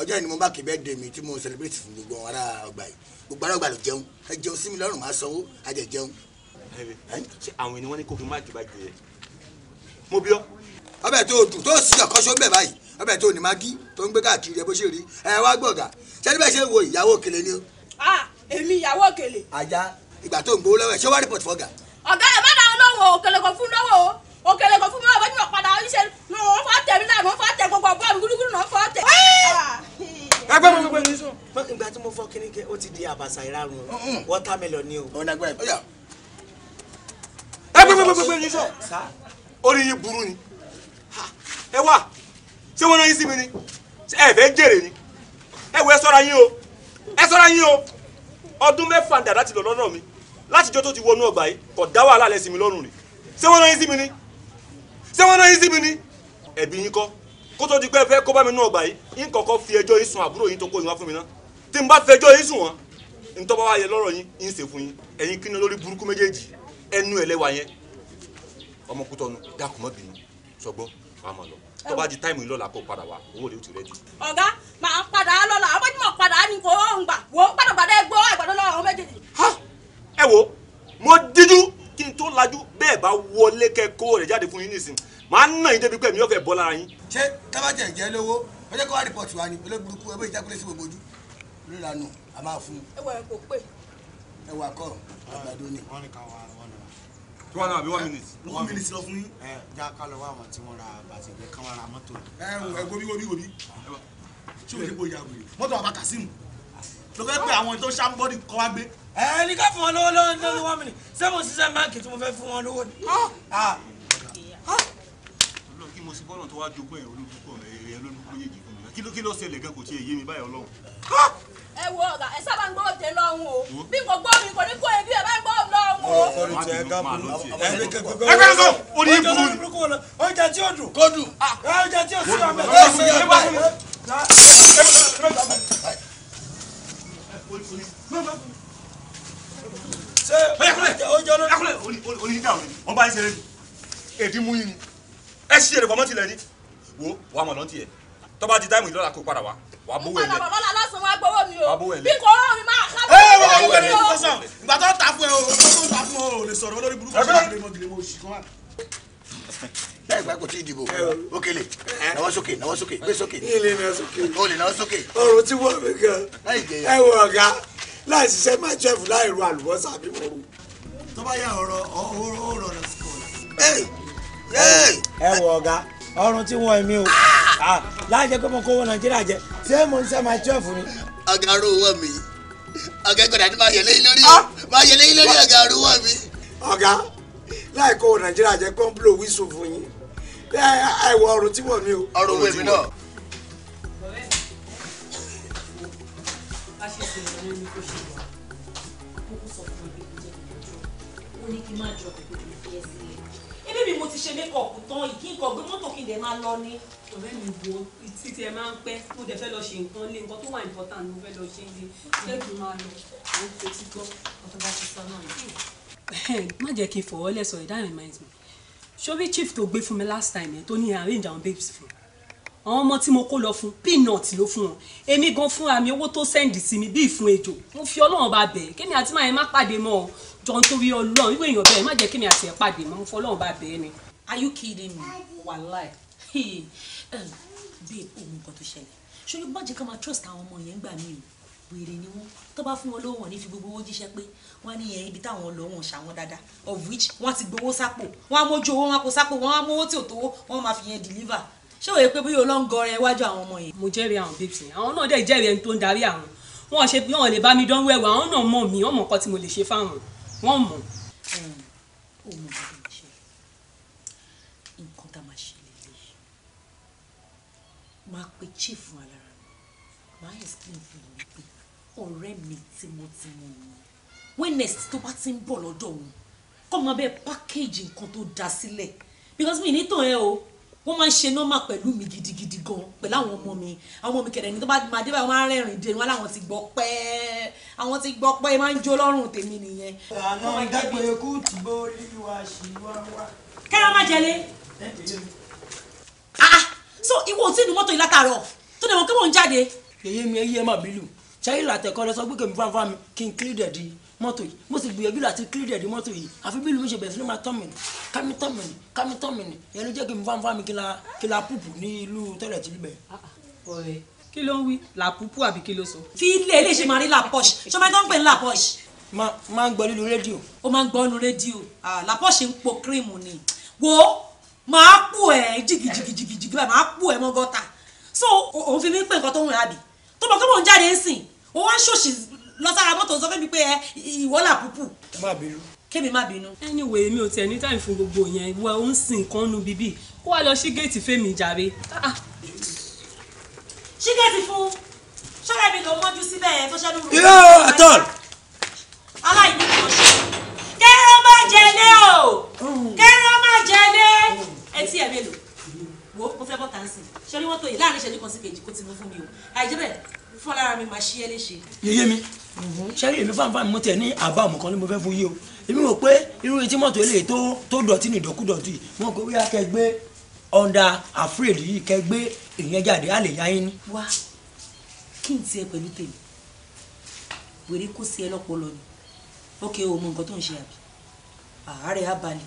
ọjọ́ ìní mo bá kí birthday mi tí mo celebrate fún gbogbo ará ọgbà yìí gbogbo ará ọgbà ló jẹun ẹ jẹun sí mi lọ́rùn máa sanwó ajẹ jẹun. ṣé àwọn ènìyàn ní kò fi máàkì báàgì yẹ mo bí ọ. ọbẹ̀ tó dùn tó sì ọ̀kọ́ṣọ́ ń bẹ̀ báyìí ọbẹ̀ tó ní magi tó ń gbé káàkiri ẹ bó ṣe rí ẹ wá gbọ̀gà ṣé níbẹ̀ ṣe wo ìyàwó òkèlè ni o. ah èmi ìyàwó òkèlè. ajá ìgbà tó ń gbowó lọ́wọ́ ẹ̀ ṣé wá rìpọ̀tì fọ́gà. ọ̀gá ẹ̀ má òkèlè kan fún mi ọ̀bẹ tí mo padà ṣe ni wọ́n fọ́ tẹ̀ mí náà wọ́n fọ́ tẹ̀ gbogbo ọ̀bọ mi gúdúgúdú náà fọ́ tẹ̀. ẹgbẹ́ mi gbogbo yìí sùn. ìgbà tí mo fọ́ kínní kẹ́ ó ti di àbàṣà ìrarun watermelon ni o. ẹgbẹ́ mi gbogbo yìí sùn. orí yìí burú ni ẹ wá ṣé wọ́n rán yín sí mi ni ẹ fẹ́ jèrè ni ẹ wọ ẹ ṣọ́ra yín o ẹ ṣọ́ra yín o ọdún mẹ́fà ń dà láti lọ lọ́nà mi látijọ́ tó ti wọnú ọgbà yìí kò dá wàhálà lẹ́sìn mi lọ́rùn ni ṣé wọ́n rán yín sí mi ni ṣé wọ́n náà yín síbi ni ẹ̀bí yín kọ́ kó tó di pé ẹ fẹ́ kó bá mi nú ọgbà yìí yín kọ̀ọ̀kan fi ẹjọ́ yín sun àbúrò yín tó kó yín wá fún mi ná tí n bá fẹjọ́ yín sùn wọ́n n tọ́ bá wá yẹ lọ́rọ̀ yín yín ṣe fún yín ẹ̀yin kí ni olórí burúkú méjèèjì ẹnu ẹlẹ́wà yẹn ọmọkútọ́nu dákùmọ́ bínú sọgbọ́n wàá máa lọ tó bá di táìmù yìí lọ́la kó padà wá owó rẹ̀ ó ti rẹ̀ jù. ọ̀gá màá padà lọ́la àwọn tí mo padà ní kò ń gbà wò ó gbàdọ̀gbàdọ̀ ẹ gbọ́ ẹ̀gbọ́dọ̀ lọ́wọ́ àwọn méjèèjì. ẹ wo mo díjú kí n tó lajú bẹ́ẹ̀ bá wọlé kẹ́kọ́ rẹ̀ jáde fún yín nísìn màá nà yín débi pé mi yóò fẹ́ bọ́ lára yín. ṣé tábàjẹ̀ jẹ́ lówó ọjọ́ kọ́ wá rìpọ̀tù wa ni olóògbé ẹgbẹ́ ìjákulẹ̀ sí gbogbo ojú lóranù a máa fún un. ẹwà kò pè. ẹwà kọ àgbàdo ni. wọ́n ní ká wà wọ́n nà. tí wọ́n náà bí one minute. one minute lọ fún yín. ẹ já ká lọ wá àwọn tí wọ́n ra bàtì kán wá mọ́tò. ẹ ẹ gobi gobi gobi ṣé o lè bo ìyàwó yìí mọ́tò àbá kàsímù lọ́kẹ́ pé àwọn tó ṣàǹbọ̀dì kọ́ wá gbé ẹ eh, ní ká fún wọn lọ́wọ́ lọ́wọ́ lórí one minute ṣé mo ṣiṣẹ́ báńkì tí mo fẹ́ fún wọn lówó ni. Ah. Ọlọ́run kí mo ṣe bọ́ọ̀lù tó wá jogún ẹ̀ olójúkọ eh, ẹ̀ lónìí kó yéjì fún mi kí ló kí ló ṣẹlẹ̀ gan kò tiẹ̀ yé mi báyọ̀ Ọlọ́run. ẹ wo ọ̀gá ẹ sábà ń gbọ́ òde lọ́hùn o bí kò gbọ́ mi kò ní kó ebi ẹ bá ń gbọ́ lọ́hùn o. ẹ bẹ́ẹ̀ sọ orí burúkú ọjà tí ó dùn kó dùn ọjà ah, tí ó sí ọmọ ẹ ṣe ọjọ́ náà. onídìí àwọn ènìyàn wo wàá mọ̀ lọ́ntì yẹn tó bá di ìlọ́la kó padà wá wàá bówó ẹ̀lẹ́. bàbá bàbá lásán wàá gbowó mi o bí kò rọrùn mi máa ká bẹ́ẹ̀ ni. ẹ wọ́n wọ́n wọ́n wọ́n sàn ìgbà tó ta fún ẹ o tó ta fún ọ o lè sọ̀rọ̀ olórí burúkú ṣáà ọ̀rọ̀ ti wọ mi gan. ẹ wọ láì ṣiṣẹ́ máa chef láì ro àlùbọ́sà àbí mòrò. tó bá yà ọ̀rọ̀ ọ̀rọ̀ rẹ̀ sí kọ́lá. ẹ wọ ọ̀gá ọrùn tí wọ́n mi o ah! ah, láàjẹ pé mo kówó nàìjíríà jẹ ṣé mo ń ṣe máa chef ni. ọ̀gá arúgbó mi ọ̀gá ìgbàdàn ni máa yẹ lẹ́yìn lórí ah! máa yẹ lẹ́yìn lórí ọ̀gá arúgbó mi. ọ̀gá láì kówó nàìjíríà jẹ kọ́ńpìlò wíṣọ fún yín ẹ wọ ọrùn tí wọ́n mi o. ọrùn wo èmi náà. ká ṣe sí ìrìn ní kó ṣe wà ó sọ fún mi kó jẹ́ kí ó ní kí n má jọ kó kó lè fi ẹ ebi mi mo ti ṣe mékọ̀ọ̀pù tán ìkí nǹkan gbé mọ́tò kí n dẹ̀ máa lọ ni. ọ̀rẹ́ mi wo ìtì tí máa ń pẹ́ mo dẹ̀ fẹ́ lọ ṣe nǹkan lé nǹkan tó wà important mo fẹ́ lọ ṣe ń lé máa lọ àwọn kò ti gbọ́ ọ̀tọ̀ bá ti sọ náà ni. má jẹ́ kí n fọwọ́ lẹ̀ sọ̀rọ̀ that reminds me ṣọ́bí chief tó gbé fún mi last time yẹn tó ní arrange àwọn babes fún mi àwọn ọmọ tí mo kó lọ fún peanut ló fún wọn èmi gan fúnra mi owó tó sẹ́ǹdì sí mi bíi fún ejò mo fi ọlọ́run bá bẹ̀ kémi àti máa yẹn má pàdé mọ́ ọ jọ nítorí ọlọ́run ìwé èèyàn bẹ́ẹ̀ má jẹ́ kémi àti ẹ̀ pàdé mọ́ mo fi ọlọ́run bá bẹ̀ ẹ́ ni. are you kidding me wàláì um, babe ohun nǹkan tó ṣẹlẹ̀ ṣojú bọ́jẹ̀ kan máa trust àwọn ọmọ yẹn gbà mí o wèrè ni wọn tó bá fún wọn lówó wọn ní fi gbogbo owó jíṣẹ́ pé wọn á ní ìyẹn ibi táwọn lọ wọn ṣàwọn dáadáa of which wọn ti gbowó sápò wọn á mójú owó wọn kó sápò wọn á mówó tí ò tówó wọn máa fi yẹn deliver ṣé òye pé bóyá olóń gọrin iwájú àwọn ọmọ yìí. mo jẹ́rìí àwọn babes yẹn àwọn náà dẹ̀ jẹ́rìí ẹni tó ń darí àwọn wọn ṣe bí wọn lè bá mi dánwó ẹwà àwọn náà mọ̀ mí wọn mọ̀ nǹkan tí mo lè ṣe fáwọn wọn mọ̀. nǹkan tá a máa ṣe lélẹ̀ máa pe chief fún alára mi máa explain fún mi pé ọ̀rẹ́ mi tímọ́tímọ́ ni wellness tó bá ti ń bọ̀ lọ́dọ̀ wọn kọ́ máa bẹ́ẹ̀ package nǹkan tó dá sílẹ̀ because mi ní tàn ẹ́ o wọ́n máa ń ṣe nọ́mà pẹ̀lú mi gidigidi gan pẹ̀lú àwọn ọmọ mi àwọn ọmọ mi kẹ̀dẹ̀ ní tó bá máa dé báyìí wọ́n máa ń rẹ́rìn dé wọn láwọn ti gbọ́ pẹ́ àwọn ti gbọ́ pẹ́ máa ń jó lọ́rùn tèmi nìyẹn. àná oh dẹ́gbẹ̀ẹ́ kú tí bórí wa ṣì wá wá. kẹ́rọ má jẹ́lé. Ah, ah so ìwọ ò tí ì nu mọ́tò yìí látàárọ̀ tó dẹ̀ mọ̀ kí wọ́n ń jáde. èyí mi ẹ yí ẹ má bílù ṣáyìn làtẹ̀kọ́ lọ sọ pé kèmí fáfá mi kí n kílídẹ̀ di mọ́tò yìí mo sì gbìyànjú láti kílídẹ̀ di mọ́tò yìí àfi bí lùmí ṣe bẹ̀rẹ̀ sí ní máa tán mi kámi tán mi kámi tán mi ni ìyẹn ló jẹ́ kèmí fáfá mi kí la pupu ní ìlú tẹ́lẹ̀ tìlú bẹ̀. Ah, ah, kí ló ń wí la púpù àbí kí ló sọ. fi ilé ilé ṣe máa rí la posh ṣọ máa ń pè ní la posh. máa ń gbọ́ nínú rédíò. o máa ń gbọ́ nínú rédíò la posh ń po kírìmù ni wo máa pù ẹ́ jìgìjìgìjìgì báyìí máa pù ẹ́ mọ́gọ́ta so òun fi mí pè nǹkan tó ń rà bì tó mọ̀ pé mò ń jáde ń sìn ó wá ń ṣòṣì lọ sára mọ́tò sọ fẹ́mi pé ẹ ìwọ là púpù. má bínú. kémi má bínú. anyway mi ò tẹ̀ ní táyì fún gbogbo yẹn wọ ó ń sìn kan nu bíbí kó wá lọ sí géètì fẹ́mi jàre. sí ah, ah. géètì fún ṣọ́ra mi ló mọ́jú síbẹ̀ yẹn tó ṣẹ́nu rú. yóò àtọ́l. aláìní kan ṣe kẹ́rọ má jẹ lé o oh. kẹ́rọ má jẹ lé etí ẹ̀ mélòó wo mo fẹ́ bọ́ tà ń sìn ṣé orí mọ́tò yìí láàrin ìṣẹ́jú kan sí kejì kó ti mú fún mi o àìjẹ́ bẹ́ẹ̀ fún lára mi máa ṣí ẹ léṣe. yeye mi ṣẹ́rí èmi fáńfáń mo tẹ̀ ní àbá ọmọ kan ni mo fẹ́ fún yìí o èmi rò pé irú etí mọ́tò eléyìí tó tó dọ̀tí ní ìdọ̀kúdọ̀tí mo kò wíyá kẹ gbé under afraid yìí kẹ gbé ìyẹn jáde á lè yá yín ní. wá kí n tiẹ̀ pẹ̀lú tèmi wèrè kó sí ẹ lọ́pọlọ ni ó kẹ́ ọ mọ nǹkan tó ń ṣe àbí àárẹ̀ á balẹ̀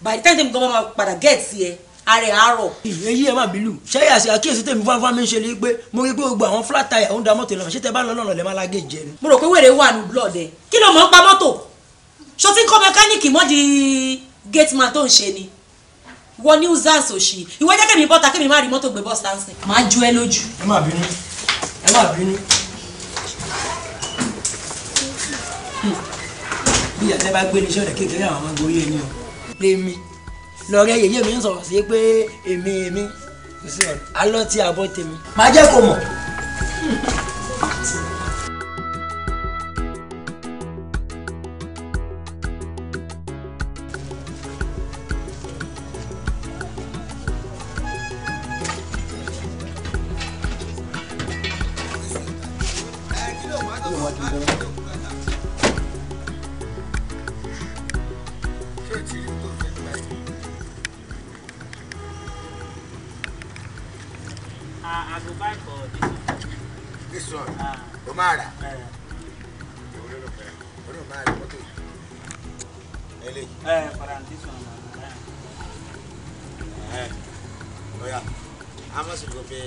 máa padà gẹ̀ẹ́tì ẹ àrẹ àárọ̀. èyí ẹ má bínú ṣẹ́yà sí àkíyèsí tèmi fáfá mi ń ṣe ni pé mo rí pé gbogbo àwọn flat tire ń da mọ́tò lọ́nà ṣé tẹ bá lọ́nà lọ́nà lẹ́ máa lágé jẹ ni. mo rò pé wèrè wà ní blood ẹ kí ló mọ̀ ń pa mọ́tò ṣó ti ń kọ́ mẹkáníìkì mọ́ di gate man tó ń ṣe ni wọ new zans òṣì ìwọ jẹ́ kẹ́mi bọ́ta kẹ́mi má rí mọ́tò gbé bọ́ stansin. màá ju ẹ lójú. ẹ má bínú ẹ má bínú. bí ìyá tẹ bá gbé ní iṣẹ́ rẹ̀ kékeré àwọn ọmọ gorí ẹni o. pé mi lọ́rẹ́ yèyé mi ń sọ̀rọ̀ sí pé èmi èmi kò sí ọ̀rọ̀ tèmi. màá jẹ́ kó mọ̀. this one o máa rà o náà máa rà mọ́tò eléyìí. ẹ paranti sọ ma. ẹ ọya amasi kò fi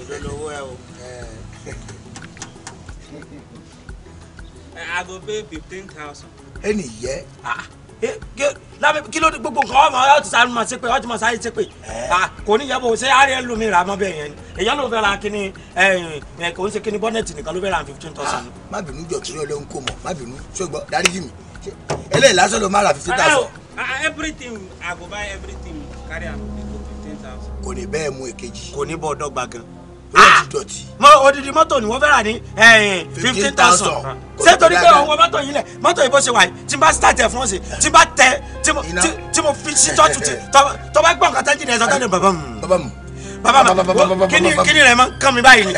èlò lówó ẹ o. Eh. *laughs* Eh, I go pay fifteen thousand. year ah kí ló dé gbogbo nǹkan ọmọ ọtí sáré máa ṣe pé ọtí máa sáré ṣe pé ah, kò ní yẹ́bù ṣé àárẹ̀ lómi rà mọ́ bẹ́ẹ̀ yẹn ni ló fẹ́ ra kíní eh, eh, kò ń ṣe kíní bọ́nẹ̀tì nìkan ló fẹ́ ra fifteen thousand. Ah, má bínú jọ tí ọlọ́run kò mọ̀ má bínú ṣùgbọ́n dáríjì mi eléyìí lásán ló má ra fifteen thousand. Ah, everything i go buy everything carry am fifteen thousand. kò ní bẹ́ẹ̀ mú èkejì. kò ní bọ́ ọ̀dọ́ gbàgán ó ti dọ̀tí. mọ odidi mọ́tò ni wọ́n fẹ́ rà ní eh, fifteen thousand ṣé torí pé òun wọ mọ́tò yìí lẹ̀ mọ́tò yìí bó ṣe wà yìí tí n bá start ẹ̀ fún ọ̀sẹ̀ tí n bá tẹ tí mo fi sí tọ́tù tí tọ́ bá gbọ́ nǹkan tán jìnnà ẹ̀ sọ́tọ́ ni bàbá mu. bàbá mu bàbá ma kini kini rẹ ma kàn mí báyìí ni.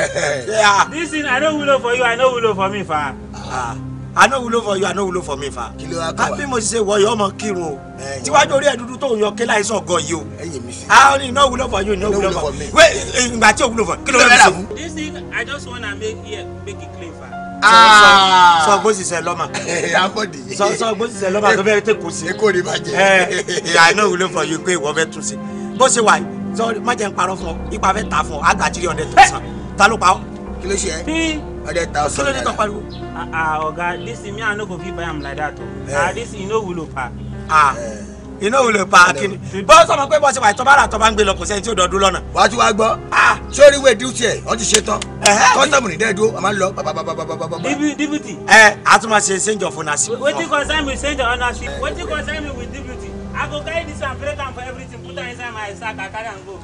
*laughs* this thing i no wulo for you i no wulo for me fa. Ah. I no wúlò for you I no wúlò for me fa. kí ló wá kọ́ wa bí mo ṣe wọ yọ ọmọ kírun o tíwájú orí ẹ dúdú tó ń yọ kí láìsọ gọ yìí o. a ní no wúlò for you no wúlò for me. wé eh, ìgbà tí o wúlò for kí ló fẹ́ fi. this thing I just wanna make here make it clean fa. sọ gbósì ah. sẹ lọ́mà. *laughs* abọ́dì. sọ gbósì sẹ lọ́mà tó fẹ́ tẹ kó sí. èkó ni bàjẹ́. ẹ eh, I no wúlò for you pé ìwọ fẹ́ tún sí bó ṣe wà yìí sọ má jẹ́ ń parọ́ fún ọ ipa fẹ́ ta fún ọ àgbà three hundred thousand ta ló pa ọ. kí ló ṣe hundred thousand naira. kí ló dé Ah, pariwo. Ah, ọ̀gá this me i no go fit buy am like that o eh. ah this e no wulo pa. iná ah, eh. wulo pa eh. kini bọ́ sọmọ pé bọ́sẹ̀ wàá tọ́ba rà tọ́ba ń gbé lọ kò sẹ́yìn tí ò dọ̀dún lọ́nà. wàá tún wá gbọ́ ah, sórí ìwé díútì ẹ̀ wọ́n ti ṣe tán kọ́sítọ́mù ní dẹ́ẹ̀dúró àmà ń lọ bàbàbàbàbàbà. deputy. ẹ a tún máa ṣe change of ownership. wetin concern me change of ownership wetin concern me with deputy i go carry this one break am for everything put am inside my sack i carry am go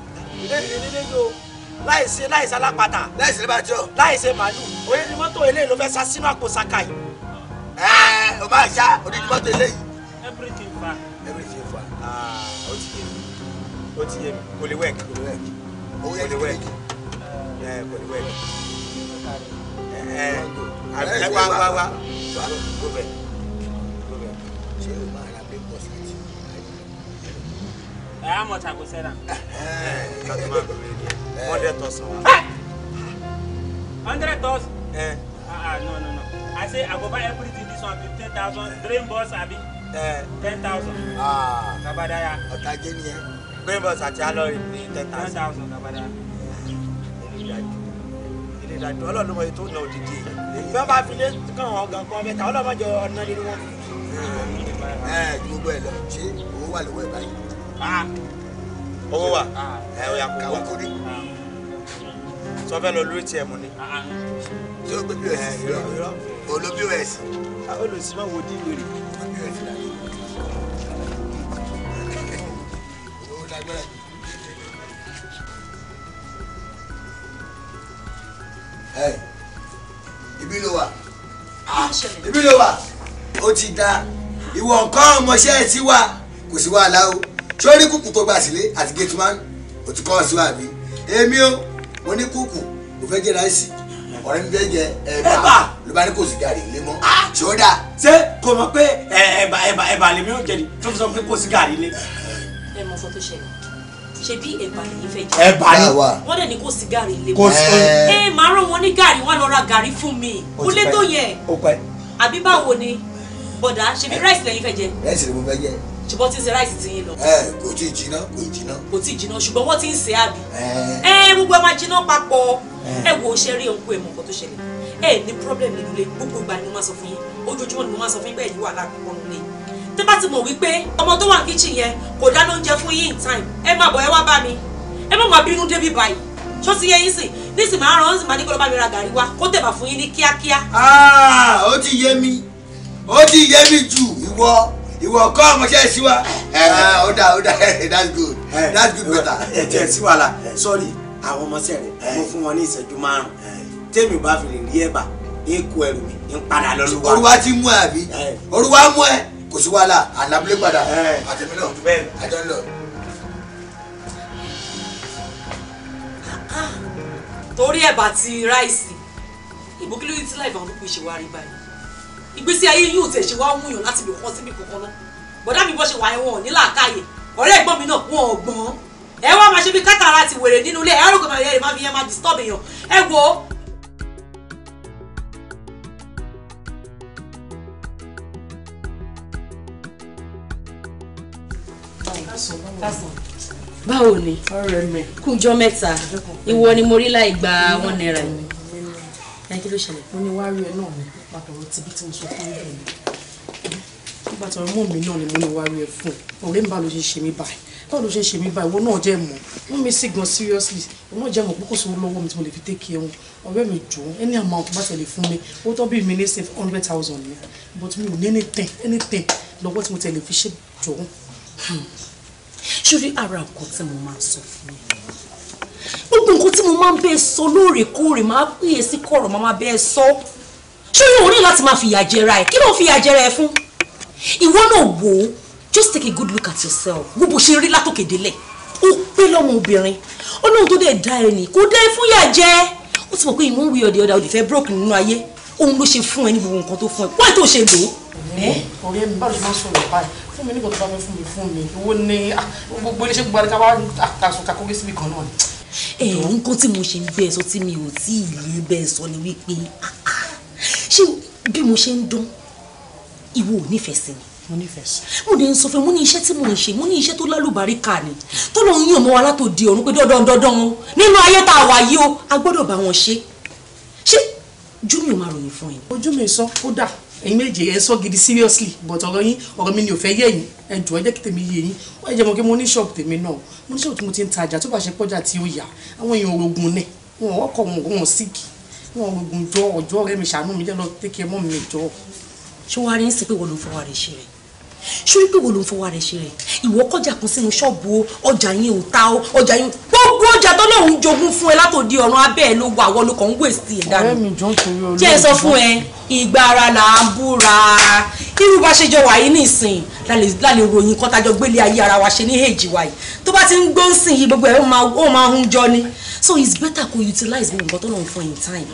láìsí láìsí alápatà láìsí lébàjọ láìsí màálù òye ni mọ́tò eléyìí ló fẹ́ sá sínú àpò saka yìí. ẹ o máa ṣá odidi mọ́tò eléyìí. everything fa. everything fa ó ti yé mi o ti yé mi kò lè wẹ̀kì kò lè wẹ̀kì kò lè wẹ̀kì ẹ kò lè wẹ̀kì ẹ ẹ ẹ wá wá wá go bẹ go bẹ. ṣé o máa ra big hundred thousand. hundred thousand. ah no no no i say i go buy everything this one fifteen thousand dream bus abi eh. ten thousand. Ah. kabadaya. ọ̀tá jẹ́ ni ẹ dream bus àti alọ́rin ní ten thousand. ten thousand kabadaya. ilé ìdájọ́ ọlọ́run mọ̀ ètò ìnáwó dídì èyí bí wọ́n bá fi lé kàn wọ́n gan kan mẹ́ta ọlọ́run mọ̀ jẹ́ ọ̀nà nínú wọn ẹ eh, gbogbo eh, ẹ lọ ṣé owó wà lọ́wọ́ ẹ báyìí. Ah. owó wà ẹ ọ̀yà kò wá sọ fẹ́ lọ lórí tiẹ̀ mú ni. ṣé o gbé pos irọ́ olo pos. olùsí máa wo díìlì rẹ̀. owó lágbára jù. ibi ló wà ibi ló wà ó ti da ìwọ nǹkan ọmọọṣẹ́ ti wà kò sí wàhálà o sórí kùkù tó gbà sílé àti gate man òtún kọ́ ọ sí wàbí èmi o mo ní kúkù mo fẹ́ jẹ ráìsì ọ̀rẹ́ mi fẹ́ jẹ ẹ̀bà ló bá ní kò sí gàrí lé mọ́ ṣé ó dáa. ṣé kò mọ̀ pé ẹ̀bà ẹ̀bà ẹ̀bà lèmi ò jẹ ni tó fi sọ pé kò sí gàrí lé. ẹ mọ fọ tó ṣẹlẹ̀ ṣe bí ẹ̀bà lèmi fẹ́ jẹ. ẹ̀bà ni wọ́n dẹ̀ ní kò sí gàrí lé mọ́. ẹ máa rán wọn ní gàrí wọn lọ ra gàrí fún mi kó lé tó yẹ àbí báwo ni bọ̀dà ṣe bí ráìsì lẹ́yìn fẹ́ jẹ. ráìsì lè mo fẹ́ jẹ ṣùgbọ́n tí ń ṣe ráìsì ti yín lọ. ẹ kò tí ì jiná kò ì jiná. kò tí ì jiná ṣùgbọ́n wọ́n ti ń ṣe àbí. ẹ gbogbo ẹ máa jiná papọ̀ ẹ wo ṣe rí ohun èèmọ̀ kan tó ṣẹlẹ̀ ẹ ní problem nínú ilé gbogbo ìgbà ni mo máa sọ fún yín ojoojúmọ́ ni mo máa sọ fún yín bẹ́ẹ̀ yìí wà lákòókò nílé tẹ́ bá ti mọ̀ wípé ọmọ tó wà ní kíchìn yẹn kò dáná oúnjẹ fún yín in time ẹ máa bọ̀ ẹ wá bá mi ẹ má máa bínú débi báyìí tó ti yẹ yín sìn nísìnyí máa rán nísìnyí máa ní kó lọ bá mi ra gàrí wá kó tẹ̀bà fún yín ní kíákíá. Ah, ìwọ kọ́ ọmọṣẹ́ sí wa ó dà ó dà *laughs* that's good that's good better. ẹ jẹ́ sí wàhálà sorry àwọn ọmọọṣẹ́ rẹ̀ mo fún wọn ní ìṣẹ́jú márùn-ún tèmi ò bá fi lè rí ẹ̀bà eku ẹrù mi ń padà lọ Oruwa olúwa ti mú ẹ àbí olúwa mú ẹ kò sí wàhálà àlàbílẹ̀ padà àtẹ̀mí náà bẹ́ẹ̀ àjọ lọ. Ah, ah. torí ẹ̀bà ti ráìsì ìbúkílù tí láì bá wọn pèsè wá rí báyìí ìgbésí ayé yóò tẹ̀ ṣe wá múyàn láti lè kọ́ síbi kankan náà bọ̀dá mi bọ́ ṣe wà ẹ̀wọ̀n ní làákàyè ọ̀rẹ́ ẹ̀gbọ́n mi náà wọ́n ọ̀gbọ́n ẹ wá máa ṣe bí kátàrà ti wèrè nínú ilé ẹ̀rọ kò máa yẹ máa fi yẹn máa disturb èèyàn ẹ wo. báwo ni kújọ mẹ́ta ìwọ ni mo rí láì gba wọn náírà yìí. ẹ kí ló ṣẹlẹ̀. mo ní wá rí ẹ náà ni pàtọ́rọ̀ ti bí tí mo sọ fún ìlú mi nígbà tí ọmọ mi náà ni mo ní wá rí ẹ fún ọ̀rẹ́ mi bá ló ṣe ṣe mí báyìí báwo ló ṣe ṣe mí báyìí ìwọ náà jẹ́ mọ̀ wọ́n mi sì gan seriously ìwọ náà jẹ́ mọ̀ pé kò sówó lọ́wọ́ mi tí mo lè fi tẹ́kì ẹ̀wọ̀n ọ̀rẹ́ mi jọ any amount bá tẹ̀lé fún mi owó tó bí mi ní save hundred thousand ni but mi ò ní anything anything lọ́wọ́ tí mo tẹ̀lé fi ṣe jọ. Hmm. ṣórí ara nǹkan tí mo máa sọ fún ẹ gbogbo nǹkan tí mo máa ń bẹ́ẹ̀ sọ lóòrèkóòrè máa pè é sí kọ̀rọ̀ máa bẹ́ẹ̀ sọ ṣé yóò ní láti máa fìyà jẹra ẹ kí ló ń fìyà jẹra ẹ fún ìwọ náà wò ó just take a good look at yourself wo bó ṣe rí látòkè délẹ̀ ó pé lọ́mọ obìnrin ọlọ́run tó dẹ̀ dá ẹ nì kó dá ẹ fún ìyà jẹ ó ti mọ̀ pé ìwọ̀n wí ọ̀dẹ̀ ọ̀dà òdì fẹ́ broke nínú ayé òun ló ṣe fún ẹ ní gbogbo nǹkan tó fún ẹ wáyé tó ṣe lò ó. ọ̀rẹ́ mi báwo ṣe máa sọ̀rọ̀ báyìí fún mi nígbà tó bá fẹ́ fún mi fún mi owó ní ah, gbogbo iléeṣẹ́ gbogbo àdìkà wá àkàsùn kakógé síbi ṣé bí mo ṣe ń dún ìwọ ò nífẹ̀ẹ́ sí mi mo nífẹ̀ẹ́ sí. mo dẹ̀ ń sọ fún mi mo ní iṣẹ́ tí mo ń ṣe mo ní iṣẹ́ tó lálùbáríkà ni tó lọ ń yàn mọ́ wa látòdì ọ̀run pé dandan dandan o nínú ayé tá a wà yìí o a gbọ́dọ̀ bá wọn ṣe ṣé júmi ò máa ròyìn fún yín. ojú mi sọ kódà ẹ̀yin méje ẹ sọ gidi seriously but ọ̀rọ̀ yín ọ̀rọ̀ mi ni ò fẹ́ yé yín ẹ jù ẹ jẹ́ kí tèmi yé yín wọ́n jẹ́ mọ́ kí mo ní ṣọ́ọ̀bù tèmi náà mo ní ṣọ́ọ̀bù tí mo ti ń tajà tó bá ṣe pọ́jà tí ó yà àwọn èèyàn òrògùn náà wọn ọkọ̀ wọn wọn síkì kú ọ̀rùn jọ ọjọ́ rẹ̀ mi ṣàánú mi jẹ́ lọ tẹ́kẹ́ mọ́ mi jọ. ṣé wàá rí ń sìn pé wọ́n ló fọwọ́ rẹ̀ ṣe rẹ̀ ṣé pé wo ló ń fọwọ́ rẹ̀ ṣe rẹ̀ ìwọ kọjá kan sínú ṣọ́ọ̀bù o ọjà yín ò ta o ọjà yín gbogbo ọjà tọ́lọ́run jogún fún ẹ látòdì ọ̀run abẹ́ ẹ ló wà wọ́n ló kàn ń wèsì ẹ̀ dànù. jẹ́ ẹ sọ fún ẹ ìgbà là ń búra irú bá ṣe jọ wàyí nísìn lálẹ́ ròyìn kan tájọ gbélé ayé ara wa ṣe ní èjì wàyí tó bá ti ń gbó sìn yìí gbogbo ẹ̀ ó máa ń jọ ni so it's better kó utilize gbogbo nǹkan tọ́lọ́run fún in time.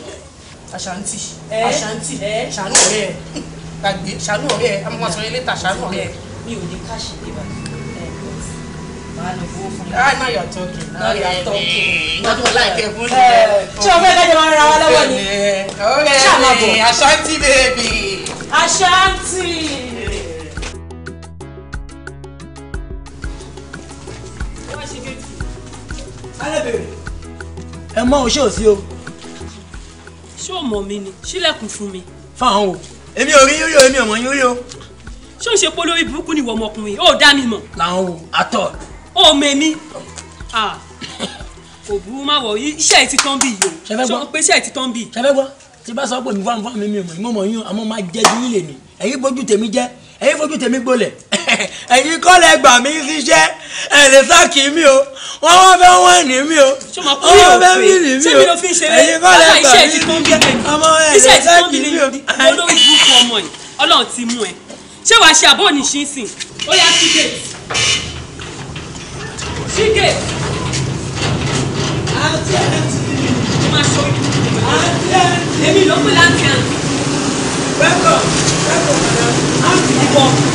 àṣàǹtì eh? àṣàǹtì eh? ṣàǹtì gbàgbé ṣàánú ọ̀rẹ́ ẹ amọ̀ sọ ilé ta ṣàánú ọ̀rẹ́ ẹ. mi ò ní káṣí ní báyìí máa lọ fowó fún mi. ah now you are talking now you are talking. not for like ẹ fún mi. Eh, ṣé o fẹ́ kájọ máa ra wa lọ́wọ́ ni. ṣàmàbọ̀ Ashanti baby. Ashanti. ẹ mọ òṣèòsí o. ṣé o mọ̀ mi ni ṣílẹ̀kùn fún mi. fáwọn o èmi ò rí yúrí o èmi ò mọ̀ yúrí o. ṣé o ṣe pé olórí burúkú ni ìwọ ọmọkùnrin ó dá mi mọ̀. làwọn wo àtọ. ó mẹ́mí kò burú má wọ iṣẹ́ ẹ̀ ti tán bí yìí o ṣe pé iṣẹ́ ẹ̀ ti tán bí. ṣẹfẹ gbọ́ tí bá sọ pé mi wá mi wá mi mi mọ̀ ìmọ̀ mọ̀ yín àmọ́ máa jẹ́ ju yín lèmi ẹ̀yin bójú tèmi jẹ́ ẹ̀yin bójú tèmi gbolẹ̀ *laughs* ẹ̀yin kọ́ lẹ gbà mí síṣẹ́ ẹ̀ lè sáàkì mi o wọ́n wọ́n fẹ́ wọ́n ní mi o wọ́n fẹ́ mi ní mi o ẹ̀yin kọ́ lẹ gbà mí síṣẹ́ ọmọ ẹ̀ lè sáàkì mi o. olórí búkú ọmọ yìí ọlọ́run ti mú ẹ ṣé wàá ṣe àbọ̀ nísinsìn ó yá sí gate sí gate. àti ẹ̀ ti máa ṣọ́ àti ẹ̀ ti èmi ló pè láti àná. welcome welcome madam.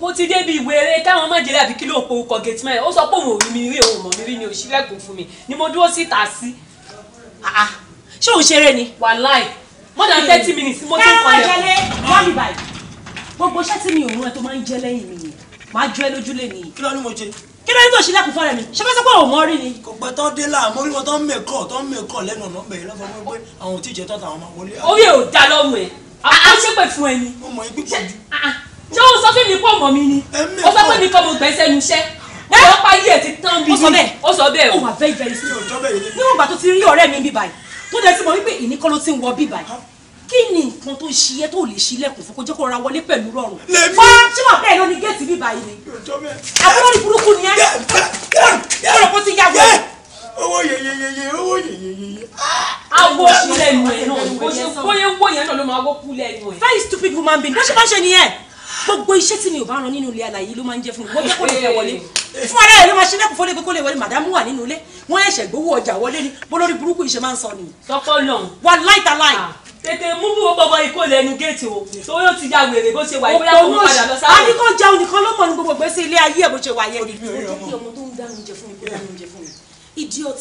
mo ti débi ìwé eré táwọn májèlé àbí kí ló ń po ọkọ̀ gẹ̀tì mẹ́rin ó sọ pé òun ò rí mi rí òun mọ̀ mi rí ni ò ṣílẹ̀kùn fún mi ni mo dúró síta sí ah, ah. ṣé òun ṣeré ni wàláì more than thirty minutes mo ti ń kọ́ lẹ́kọ̀ọ́. ẹ máa jẹlé wọ́n mi báyìí gbogbo iṣẹ́ tí mi ò rún ẹ tó máa ń jẹ lẹ́yìn mi yìí máa jọ ẹ lójúlé nìyí. kí ló ní mo jẹ. kí ló ní tó ṣílẹ̀kùn fún ẹ mi ṣé fẹsẹ̀ pé òun mọ́ rí ni. kò gbẹ tán dé láà mo rí wọn tán mẹ́kọ̀ tán mẹ́kọ̀ lẹ́nu ọ̀nà bẹ̀rẹ̀ lọ́sọ̀ọ́ pé àwọn òtíjẹ́ tọ́ta àwọn máa wọlé. orí ò dá lọ́mù ẹ̀ ah, àwọn ṣépè fún ẹ ni. mo mọ̀ ẹ́ pípọ̀ ṣé o sọ fún mi pọ̀ mọ́ mi ni o sọ pé mi kọ́ mo gbẹ́ sẹ́nu iṣẹ́ mo lọ pa ayé ẹ̀ ti tán bí mi o sọ bẹ́ẹ̀ o wà very very slow níwọ̀n ìgbà tó ti rí ọ̀rẹ́ mi bí báyìí tó dẹ̀ ti mọ̀ wípé ìníkọ́ ló ti ń wọ bí báyìí kí ni nǹkan tó ṣe yẹ tó lè ṣílẹ̀kùn fún kó jẹ́ kó rọra wọlé pẹ̀lú rọrùn fún ṣé wà bẹ́ẹ̀ lọ ní géètì bí báyìí ni àbúrò ní burúkú ni ẹ́ kúrò kó ti yá wọlé. owó yeyeyeye owó yeyeyeye. awo sílẹ̀ nù ẹ̀ náà bó ṣe wó yẹn náà ló máa wó kú lẹ́nu ẹ̀. very stupid woman being bó ṣe máa ń ṣe nìyẹn gbogbo iṣẹ́ tí mi ò bá ran nínú ilé alàyè ló máa ń jẹ́ fún mi wọ́n jẹ́ kó lè fẹ́ wọlé fún ara ẹ̀ ló máa ṣe lẹ́kùn fọ́lé pé kó lè wọlé màdámù wà nínú ilé wọ́n ẹ̀ṣẹ̀ gbowó ọjà wọlé ni bó lórí burúkú iṣẹ́ máa ń sọ nìyí. tọpọ lọ wà láìta láì. tètè mú bú gbogbo ikó lẹnu géètì o torí ó ti ya wèrè bó ṣe wà bóyá kó mú padà lọ sáré. àdìkọ jẹun nìkan ló mọ̀ ní gbogbo gbèsè ilé ayé ẹ̀ bó ṣe wà yẹ idiot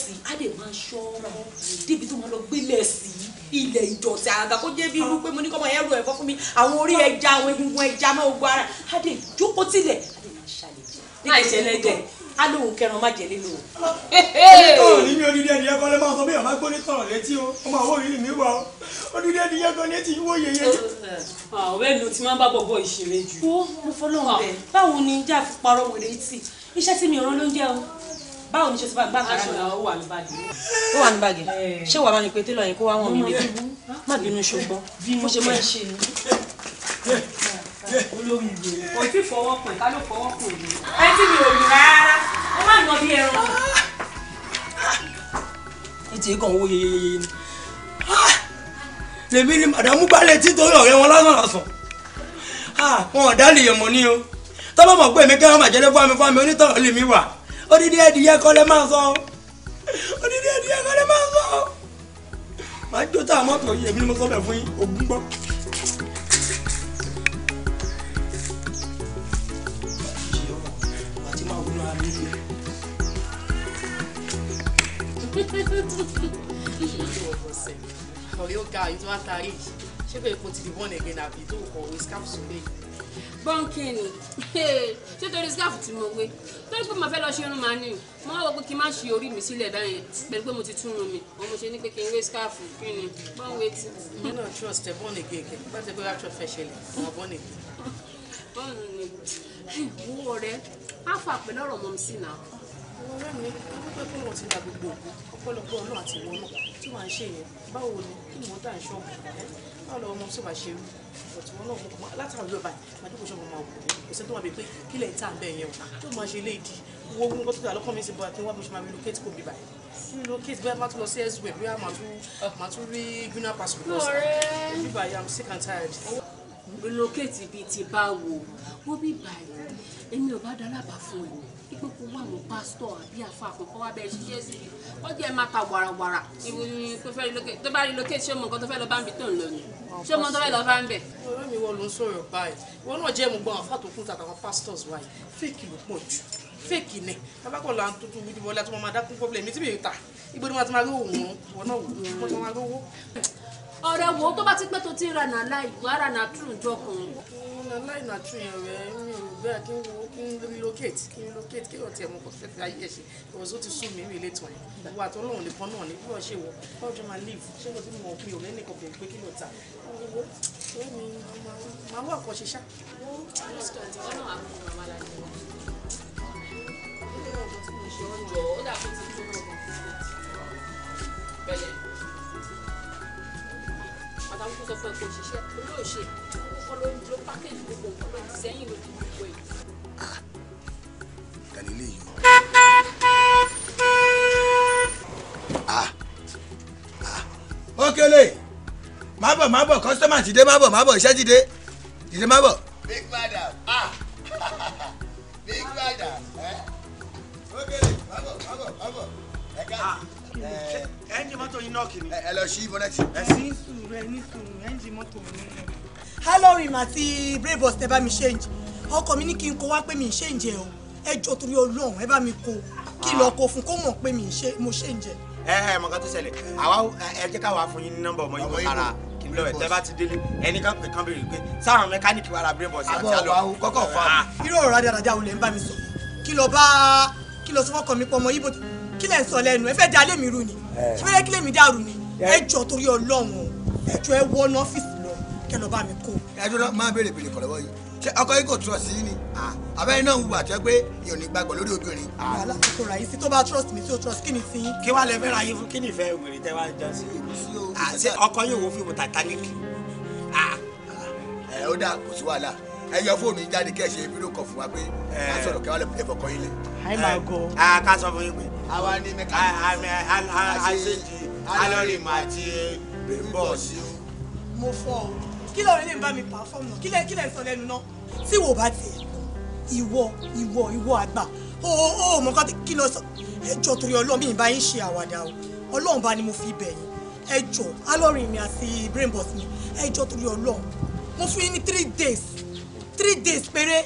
tó ma lọ gbélé sí i ilẹ̀ ìdọ̀tí àgà kó jẹ́ bí irú ah. pé mo ní kọ́mọ ẹrù ẹ̀fọ́ fún mi àwọn orí ah. ẹja àwọn egungun ẹja máa gbọ́ ara adé jókòó tilẹ̀ adé máa ṣàlejò nígbà ìṣẹ̀lẹ̀ dẹ̀ alóhùn kẹran má jẹ nínú o. onítọ̀rọ̀ ní mi odidi ẹni ẹ̀kọ́ lẹ́ máa sọ bẹ́ẹ̀ máa gbọ́ onítọ̀rọ̀ létí o ọmọ àwọn òrìrì mi wà o odidi ẹni ẹ̀kọ́ létí ìwọ yẹyẹ. Ah, ọ̀rẹ́ mi ò ti máa ń bá bọ̀bọ̀ ìṣeré jù. mo fọlọ́run bẹ́ẹ̀ báwo ni ìjà àfipárọ̀ wèrè yìí iṣẹ́ tí mi ò rán lóúnjẹ o báwo ni ṣe ti bá gbá aṣọ náà ó wà ní báàgì. ó wà ní báàgì eh. ṣé wàá bá mi pé télọ̀ yẹn kó wá wọ̀n mi bíbí má bínú ṣùgbọ́n mo ṣe máa ń ṣe ni. *laughs* olórí ìwé kò tí fọwọ́ pè ká ló fọwọ́ pè mí. ẹ tí mi ò rí rárá ó má nà bí ẹran. ètò ìkàn owó yeyeyeye ni lèmi ni màdàmú gbálẹ̀ títorí ọ̀rẹ́ wọn lásán lásán ah, wọn ò dá lè yẹ̀mọ̀ ní o tọ́bọ̀ mọ̀ pé èmi kẹ́rọ̀ màjẹ́lẹ́ fún mi fún mi onítọ̀rọ̀ lèmi wà odidi ẹdìyẹ kọ́ lẹ máa sọ odidi ẹdìyẹ kọ́ lẹ máa sọ máa jó tá a mọ́tò yìí èmi ni mo sọ bẹ̀ fún yín ògún gbọ́. ọ̀rẹ́ ó ga ìtura tari ṣé pé epo ti di one again àbí tó kọ̀wé scarf sóde yìí bọ́ǹkì ni ṣé torí scarf tí mo wé torí pé mo fẹ́ lọ ṣe irun màá ní mo wá wọ pé kí n má ṣe orí mi sílẹ̀ báyẹn pẹ̀lú pé mo ti tún run mi òun mo ṣe ní pé kí n wé scarf kí ni bọ́n wé tí. náà trust ẹ bọ́ọ̀nì gègé bá ti gbé wá trust fẹ́ ṣẹlẹ̀ ọmọ bọ́ọ̀nì. bọ́ọ̀nì ni wo ọ̀rẹ́ á fà pẹ̀lú ọ̀rọ̀ mọ́ náà àwọn ọ̀rẹ́ mi dúpẹ́ pé wọ́n ti dà gbogbo òkú ọ̀pọ̀lọpọ̀ ọlọ́run àti ìwọ náà tí wọ́n á ṣe yẹn báwo ni kí ni wọ́n dá ìṣọ́ ọ̀gbìn báwo lọ́wọ́ ọmọ sọ́ba ṣe rú ọ̀tí wọn náà mọ̀ látàrí ọba màdúgbò ṣọ́ọ̀bù máa wù kò sẹ́ni tó máa bẹ pé kí lẹ́yìn tá à ń bẹ̀ yẹn o tó máa ṣe léèdì owó owó nǹkan tó dà lọ́kàn mi sì bọ̀ àti wọn bí mo ṣe máa relocate kò bí báyìí relocate bẹ́ẹ̀ má tún lọ sí elsewhere bí màá tún rí greener passport lọ́sàn-án bí báyìí i'm sick and tired relocate bíi ti báwo wọ́n bí báyìí èmi ò bá dálábàá fún ẹ̀ pé kó wá àwọn pásítọ̀ àbí àfa àkọ́kọ́ wá bẹ́ẹ̀ ṣiṣẹ́ sí i ó jẹ́ máa ta wàràwàrà tó bá rí lókè ṣé mọ̀ nǹkan tó fẹ́ lọ bá ń bi tó ń lọ ni ṣé mọ̀ tó fẹ́ lọ bá ń bẹ̀. ọ̀rẹ́ mi wọ ló ń sọ̀rọ̀ báyìí wọn náà jẹ́ mo gbọ́ àwọn fàtó kún tàtàwọn pastors wáyé fèkì ló pọ̀ jù fèkì nẹ̀ tabakọ̀ là ń tuntun wíjú wọlé àti wọn máa dákún pọ́blẹ̀ tí mi ta igbó ni wọn ti máa rí wọn náà wò kí n relocate kí n relocate kí lọ́ọ̀tì ẹ̀mọ́ kò fẹ́ fi ayé ẹ̀ ṣe ìwọ̀só ti sún mi mi ilé tàn yìí ìwọ àti ọlọ́run nìkan náà ní bí wọ́n ṣe wọ̀ báwo ṣe máa leave ṣé mo ti mọ̀ pé òun ẹnì kan bẹ̀rẹ̀ pé kí ló ta owó owó mi máa wà kọ́ ṣe ṣá. Bẹ̀lẹ̀, àtàwọn kò sọ fún ẹ kò ṣiṣẹ́ olóòṣè kọ́ ló ń lo pákéjì gbogbo nǹkan ló ti sẹ́yìn lójú gbogbo èyí ìdánilé yìí ó ah. ah. kélé má bọ̀ má bọ̀ kọ́sítọ́mà ti dé má bọ̀ má bọ̀ iṣẹ́ ti dé ti dé má bọ̀. big madam ah *laughs* big madam ó kélé má bọ̀ má bọ̀ má bọ̀ ẹ káàkiri. Ah. Eh. ẹ́ńjì mọ́tò yín náà kìíní. ẹ lọ sí bọ́nẹ́tì. ẹ ní sùúrù ẹ ní sùúrù ẹ́ńjì mọ́tò mi. hello rim àti brave boss tẹ bá mi change ọkọ mi ní kí n kó wá pé mi ṣe ń jẹ o ẹ jọ torí Ọlọ́run ẹ bá mi kó kí lọ kó fún kó mọ̀ pé mi ṣe mo ṣe ń jẹ. ẹ ẹ mọ̀ká tó ṣẹlẹ̀ àwa ẹ jẹ́ káwa fún yín ní nọ́mbà ọmọ yìí kò kára kí n lọ ẹ tẹ́ bá ti délé ẹnì kan pè kán béèrè pé sáwọn mẹkáníìkì wa ra brain box àti àlọ kọ́kọ́ fún wa. Ah. irú ọ̀rọ̀ adarada olè ń bá mi sọ kí lọ bá kí lọ sọ́kọ̀ mi pọ̀ mọ́ ibo kí lẹ̀ ń sọ lẹ́nu ẹ fẹ́ da lé mi rú ni ṣé fẹ́ kí lè mi dàrú ni ẹ jọ torí Ọlọ́run ẹ jọ ẹ wọ́n ọ́fíìsì lọ kẹ́ lọ bá mi kó. ẹ jọ máa béèrè béèrè kọ̀ lọ́wọ́ yìí ṣé ọkọ yìí kò trust yín ni abẹ́rẹ́ náà wù àtẹ́ pé èèyàn ní gbàgbọ́ lórí obìnrin. wàhálà kò ra yìí sí tó bá trust mi tí o trust kí ni sí. kí wàá lè fẹ́ra yín fún kí ni ìfẹ́ obìnrin tẹ́ wàá jọ sí. àti ọkọ yìí wo fíìmù Titanic. ẹ ó dáa kò sí wàhálà ẹ yọ fóònù yìí jáde kí ẹ ṣe fídíò kan fún wa pé a sọ̀rọ̀ kí wàá lè fọkàn yín lé. àyè máa gọ. a ká sọ fún yín pé. àwa ni mẹkáníkì. alọ́rìmọ̀ àti bẹ́ẹ̀ bọ́ọ̀sì. mo fọ́ o kí lọ́rọ̀ lè bá mi pàfọ́ọ̀mù náà kí lẹ́ kí lẹ́ sọ lẹ́nu náà tí wò bá tiẹ̀ ìwọ ìwọ ìwọ àgbà ó ó mọ nǹkan kí lọ sọ ẹjọ torí Ọlọ́run mi ìbá yín ṣe àwàdà o Ọlọ́run bá ni mo fi bẹ̀ yín ẹjọ alọ́rin mi àti brain box mi ẹjọ torí Ọlọ́run mo fún yín ní three days three days péré.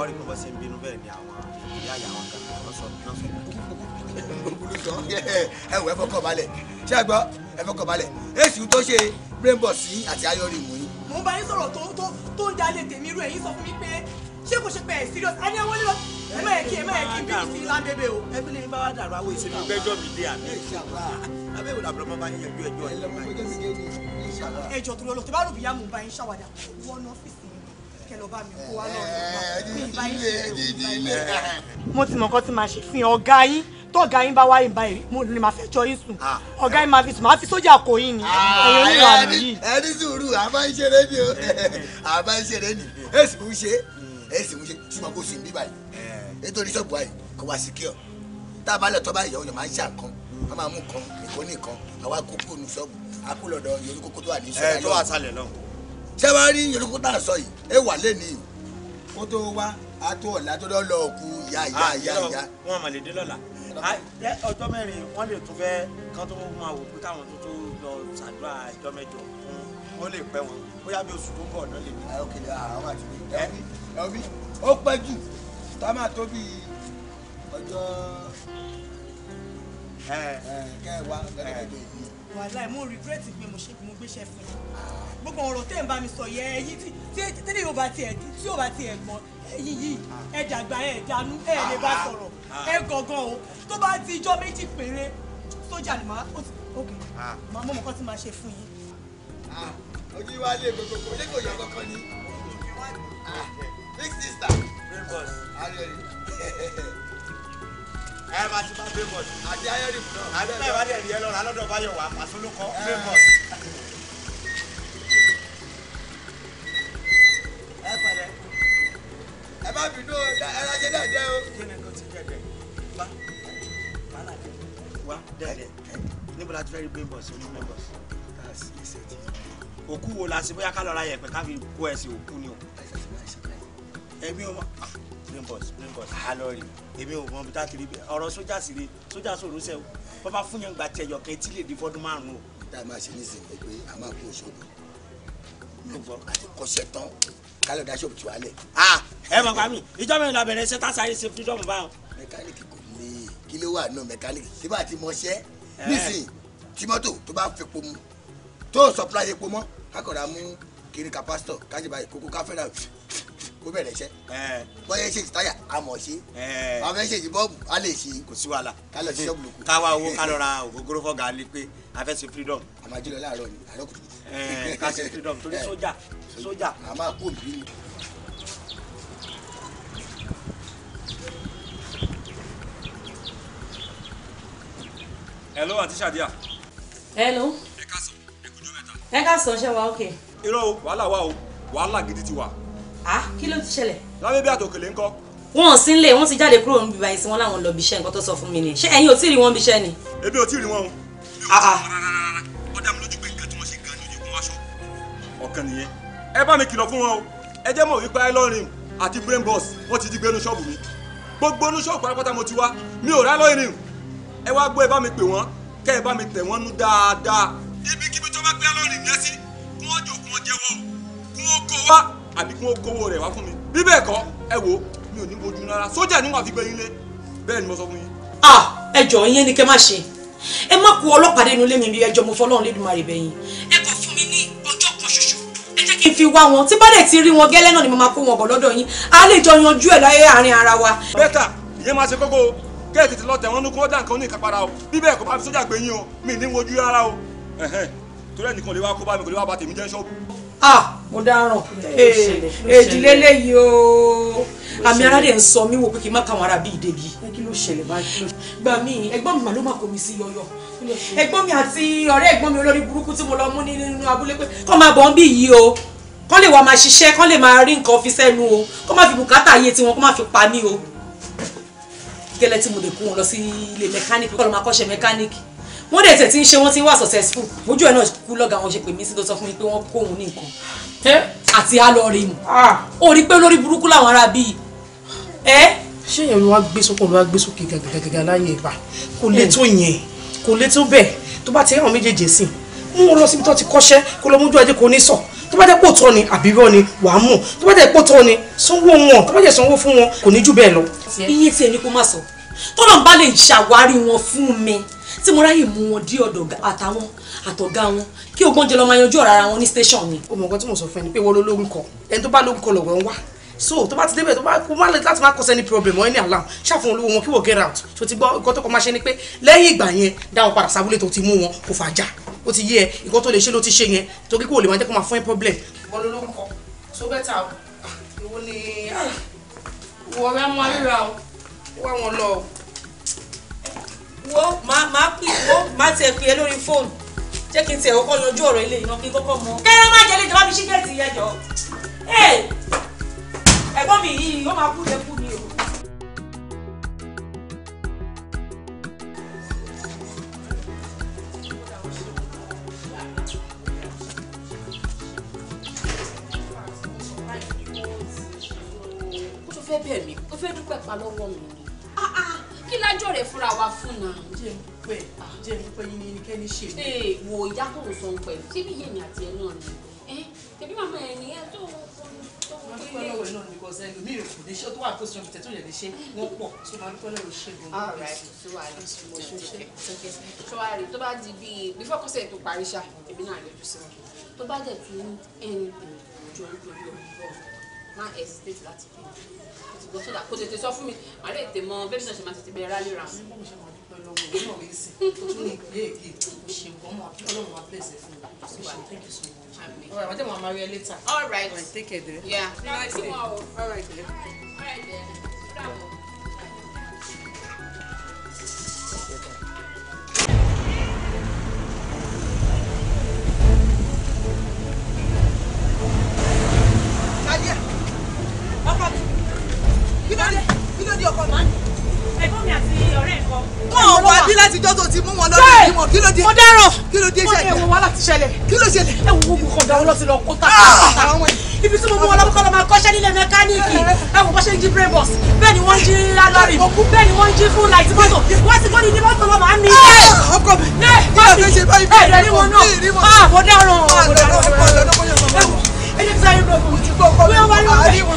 ọ̀rẹ́ mi wọ́n ṣe ń bínú bẹ́ẹ̀ ni àwọn ìyá ìyá àwọn kan lọ́sọ̀ọ́ òbúrú sọ *laughs* ẹwọ ẹfọkọ balẹ̀ ṣé ẹ gbọ́ ẹfọkọ balẹ̀ èsì tó ṣe brainbot sí àti ayọrin ìwòye. mo bá yín sọ̀rọ̀ tó tó tó ń dalẹ̀ tèmi rú ẹ̀yin sọ fún mi pé ṣé kò ṣe pé ẹ̀ serious a ní ẹ wọlé lọ ẹ má yẹ kí ẹ má yẹ kí bí kìí lá bébè o. ẹbí lè bá wa dàrú àwọn èsì mi gbẹ́jọ́ mi dé àmì abẹ́ ìwòlá àbúrò máa bá yín yanjú ẹjọ́ ẹ̀ ẹjọ́ tó lọ́lọ́ tó bá rò bíyà mo bá yín ṣàwádà wọ́n ọ́fíìsì kẹlọ bá mi kó wa lọ́rùn mi ìbá yín ṣe é mo ti mọ̀ nǹkan tí màá ṣe fi hàn ọ̀gá yín tọ́gá yín bá wá yín báyìí mo ní ma fẹ́ jọ yín sùn ah. ọ̀gá yín ma fi sùn ma fi sójà kò yín ni ah, ẹ̀yin onílànà yìí. ẹni sùúrù àbá ń ṣeré ni o àbá ń ṣeré ni èsì ń ṣe èsì ń ṣe tí mo kó sùn bí báyìí nítorí sọ́ọ̀bù ayì kò wá sí kíọ̀ tá a bá lọ tọ́ báyìí ọ̀yàn máa ń ṣà kan a máa mú kan èkó nìkan àwa kó kó nu sọ́ọ̀bù a kó lọ́dọ̀ yorùkókó tó wà ní sọ́ọ̀bù. ẹ tó wà sálẹ̀ náà. ṣé wàá rí yorùkókó tá à ń sọ yìí ẹ wà lé nìyí a tó ọ̀la tó lọ́ lọ́ọ̀kú yá yá ah, yá yá. wọn àmàlè dé lọ́la ọjọ́ mẹ́rin wọ́n lè tún fẹ́ kán tó máa wò pé káwọn tó tó lọ ṣàdúrà ìjọ mẹ́jọ wọ́n lè pẹ́ wọn bóyá bí oṣù tó ń bọ̀ lè ní. òkèlè ah, ah, àwọn àti mi ẹbí ẹbí ó pẹ́ jù tá a máa tó bí ọjọ́ kẹwàá lẹ́gbẹ̀ẹ́ yìí. wàhálà mo regret pé mo ṣe mo gbéṣẹ́ fún un gbogbo ọ̀rọ̀ tẹ́ ẹ̀ bá mi sọ yẹ ẹyin tí tẹ́lẹ̀ yóò bá tiẹ̀ tí yóò bá tiẹ̀ gbọ́n ẹyin yìí ẹ̀ dàgbà ẹ̀ dànù ẹ̀ lè bá sọ̀rọ̀ ẹ gọ̀gàn o tó bá ti ijọ́ méjì péré sójà ni màá ó ti ok ah. màá mọ̀ nǹkan tí màá ṣe fún yín. Ah, ojú wa lé gbogbo ilé kò yọ kankan ní. Ah, big sister rainbows ayọ̀rì ẹ máa ti bá rainbows àti ayọ̀rì fún náà. àbí bẹ́ẹ̀ bá dẹ̀ rí ẹ lọ́ra lọ́dọ̀ báyọ̀ wá pàṣẹ ló kọ́ rainbows. at very members only members that's decent. òkú wo la ṣe bóyá ká lọ ra yẹ̀pẹ̀ ká fi kó ẹsẹ̀ òkú ni o. ẹbí o members members a lọ rí èmi ò mọ bíta kiri ọ̀rọ̀ sójà sì rí sójà sòrò sẹ o wọn bá fún yẹn gba tẹ yọkẹ tí lè di fọdún márùn o. tá a máa ṣe nísìnyí pé a máa kó sódò lọ́gbọ́ àti kọsẹ̀ tán kálọ̀ dá ṣọ́ọ̀bù tí wàá lẹ̀. ẹ mọ̀ pa mi ìjọba ìlú abẹ̀rẹ̀ ṣe tá sáyé ṣe freedom báwọn. mẹkáníìkì kò ní kí ló wà náà mẹkáníìkì síbà tí mo ṣẹ́ nísìnyí tí mọ́tò tó bá fi epo mu tó supply epo mọ́ kákọ̀dá mú kiri ka pásítọ̀ kájí báyìí kókó ká fẹ́ràn kó bẹ̀rẹ̀ iṣẹ́ bọ́yá ṣe ti táyà a mọ̀ ṣe àwọn ẹ̀ṣẹ̀ ti bọ́ọ̀bù a lè ṣe kò sí wàhálà ká lọ sí ṣọ́ọ̀bù lóko. káwa owó ká lọ ra ògógóró fọ́gà ni pé a fẹ́ ṣe freedom. a máa jí lọ láàárọ̀ ni àárọ̀ kùtùkùtù. ká ṣe freedom torí *laughs* sójà sójà. a máa kó òbí ni. hello àti sadiya hello. ẹ káàsán ẹ kúndùn mẹ́ta. ẹ káàsán ṣe wa ok. irọ́ o wàhálà wa o wàhálà gidi ti wà. a kí ló ti ṣẹlẹ̀. lábẹ́ bí àtòkèlé ń kọ́. wọn ò sí nílé wọn ti jáde kúrò níbi báyìí sí wọn láwọn lọ bíṣẹ́ nǹkan tó sọ fún mi ni ṣé ẹ̀yin ò tí ì rí wọn bíṣẹ́ ni. ebi ò tí ì rí wọn o. Ah, ah. ó dá mi lójú pé nǹkan tí wọ́n ṣe gan ni ojú kún aṣọ. ọ̀kan nìyẹn ẹ bá mi kìlọ̀ fún wọn o ẹ jẹ́ mọ̀ wípé ilorin àti brain boss wọ́n ti di gbénu ṣọ́ọ̀bù mi gbogbo inú ṣọ́ọ̀bù pátápátá mo ti wá mi ò rá ilorin ẹ wá gbọ́ ẹ bá mi pè wọ́n kẹ́ ẹ bá mi tẹ̀ wọ́n nú dáadáa. ibikíbi tó bá gbé ọlọ́rìn yẹn sí kún ọjọ́ kún ọjẹ́ wọ kún ó kó àbí kún ó kówó rẹ̀ wá fún mi bí bẹ́ẹ̀ kọ́ ẹ wo mi ò ní bojú rárá sójà ni wọn fi gbẹ̀yìn lé bẹ́ẹ̀ ni mo sọ fún yín. ah ẹ jọ ìyẹn ni kẹ má ṣe ẹ má kó ọlọ́pàá dé inú ilé mi bí ẹjọ́ mo fọlọ́run lédùmarè bẹ̀yìn ẹ kò fún mi ní ọjọ́ kan ṣoṣo ẹ jẹ́ kí n fi wá wọn tí bá dẹ̀ ti rí wọn gẹ́lẹ́ náà ni mo máa kó wọn bọ̀ lọ́dọ̀ yín a yanjú ẹ̀ láyé àárín ara wa. bẹ́ẹ̀ ta ìyẹn máa ṣe kókó kẹ́ẹ̀tì ti lọ tẹ̀ wọ́n nukú ọ̀dà nǹkan o bí bẹ́ẹ̀ kò bá fi sójà gbé yín o mi ní wojú rárá o torí ẹnìkan lè wá kó bá mi kò lè wá ba tèmi jẹ́ ṣọ́ọ̀bù. ah mo dáràn èjìlé léyìí o àmì ara rẹ̀ ń sọ mí wò pé kí n má káwọn ará bíi débi. kí ló ṣẹlẹ̀ báyìí. gbà mí ẹ̀gbọ́n mi mà ló máa kó mi sí yọyọ ẹ̀gbọ́n mi àti ọ̀rẹ́ ẹ̀gbọ́n mi olórí burúkú tí mo lọ mú nínú abúlé pé kọ́ máa bọ̀ ń bí yìí o kọ́ lè wá máa ṣiṣẹ́ kọ́ lè máa rí nǹkan fi sẹ́nu o kọ́ máa fi bùkátà ayé tiwọn kọ́ máa fi pa mí o gẹ́lẹ́ tí mo lè kó wọn lọ sí ilé mẹkáníìkì kọ́ lọ́ máa kọ́ṣẹ́ mẹkáníìkì wọ́n dẹ̀ tẹ̀ tí ń ṣe wọ́n ti ń wà ojú ẹ̀ náà kú lọ́gà wọn ṣe pè mí sí tó fún mi pé wọ́n kó òun ní nǹkan àti alọ́ọ̀rì mu ó rí pé lórí burúkú làwọn ará bíi ẹ́. ṣé èèyàn ló gbé sókè ló gbé sókè gàgàgàgà láyé ìbà kò lè tó yẹn kò lè tó bẹ́ẹ̀ tó bá ti rí méjèèjì sí mú wọn lọ síbi tó ti kọ́ṣẹ́ kó lọ tó bá jẹ́ pò tọ́ ni àbí rọ́ ni wàá mọ̀ tó bá jẹ́ pò tọ́ ni sanwó wọn tó bá jẹ́ sanwó fún wọn kò ní jù bẹ́ẹ̀ lọ. iye tí ẹni kò má sọ tọ́lọ̀ ń bá lè ṣàwárí wọn fún mi tí mo ráyè mú wọn dí ọ̀dọ̀ àtàwọn àtọ̀gá wọn kí ogbọ́n jẹ lọ máa yanjú ọ̀rọ̀ ara wọn ní station ni. o mọ̀ nǹkan tí mo sọ fún ẹ ni pé wọ́n ló lórúkọ ẹni tó bá lórúkọ lọ̀wọ́ ń wá so tó bá ti débẹ̀ tó bá kó má lè láti má cause any problem or any alarm ṣàfihàn olówó wọn kí wọ́n get out so ti gbọ́ nǹkan tó kọ́ máa ṣe ni pé lẹ́yìn ìgbà yẹn dáhùn padà sábúlé tó ti mú wọn kò fàjà ó ti yé ẹ nǹkan tó lè ṣe ló ti ṣe yẹn torí kò lè máa jẹ́ kó máa fún ẹ problem. ìwọ ló ló ń kọ so bẹ́tà ìwọ ni ah, ìwọ rẹ mọ ríra o wá wọn lọ o. wo máa pè wo máa tiẹ̀ pè é lórí fóònù jẹ́ kí n tiẹ̀ kọ́kọ́ yanjú ọ̀rọ̀ ilé ìná kí n kọ́kọ́ mọ. kẹ́rọ má jẹ́ lè jọba fi ṣíkẹ́ẹ̀tì yẹn jọ ẹ̀gbọ́n mi yìí fẹ́ bẹ̀ mí o fẹ́ dúpẹ́ pa lọ́wọ́ mi ni ah, ah, kí lájọ rẹ̀ fúnra wa fún na. jẹ́ mi pẹ́ ah, jẹ́ mi pẹ́ yín ni kẹ́ni ṣe mí. ee wo ìyá kò sọ ń pẹ́ síbi yèmí àti ẹ̀ náà ni tẹ̀bí màmá ẹ̀ nìyẹn tó máa dúpẹ́ lọ́wọ́ ẹ̀ náà ni because ẹlòmíì rẹ̀ kò ní ṣe tó wà tó sọ tẹ̀ tó ní ṣe wọ́n pọ̀ tó máa dúpẹ́ lọ́wọ́ ṣe gan-an. ṣọwárì tó bá di bíi bífọ́ kọ́sẹ̀ tó parí ṣá èmi náà yọjú sí wọn tó bá dẹ̀ tún ẹni tó jọ ń torí ọ̀ ṣùgbọ́n sódà kò tètè sọ fún mi màá lè tè mọ bẹ́ẹ̀ sọ̀ṣẹ̀ máa tètè bẹ̀rẹ̀ rálẹ̀ rà. All right. All right. Take care, dear. Yeah. All right, dear. All right, dear. di ọkọ màá ní. ẹ̀gbọ́n mi àti ọ̀rẹ́ nǹkan. wọn ò wá bí láti jọ́ tó ti mú wọn lọ́dún yìí wọn kí ló dé. mo dáràn kí ló dé ṣẹlẹ̀. mo ní ewu wa láti ṣẹlẹ̀. kí ló ṣẹlẹ̀. ewu wo mo kàn dáwọ́ lọ́sí lọ kó tà ibi tí mo mú wọn lọ́kọ́ lọ́ máa kọ́ṣẹ́ nílé mẹkáníìkì ẹ̀wọ̀n bọ́ ṣe ń jí brain box bẹ́ẹ̀ ni wọ́n ń jí alọ́rì bẹ́ẹ̀ ni wọ́n ń jí fún láìsí mọ́tò wọ́n ti kọ́ ni ní mọ́tò lọ́ máa ń mi. ọkọ mi ní ìlànà ṣe báyìí bẹ́ẹ̀ lẹ́ni wọn náà mo dáràn mo dáràn mo dáràn ẹni tí a yẹ lọ bọ̀ wọ́n ti gbọ́ ọkọ mi àárín wọn.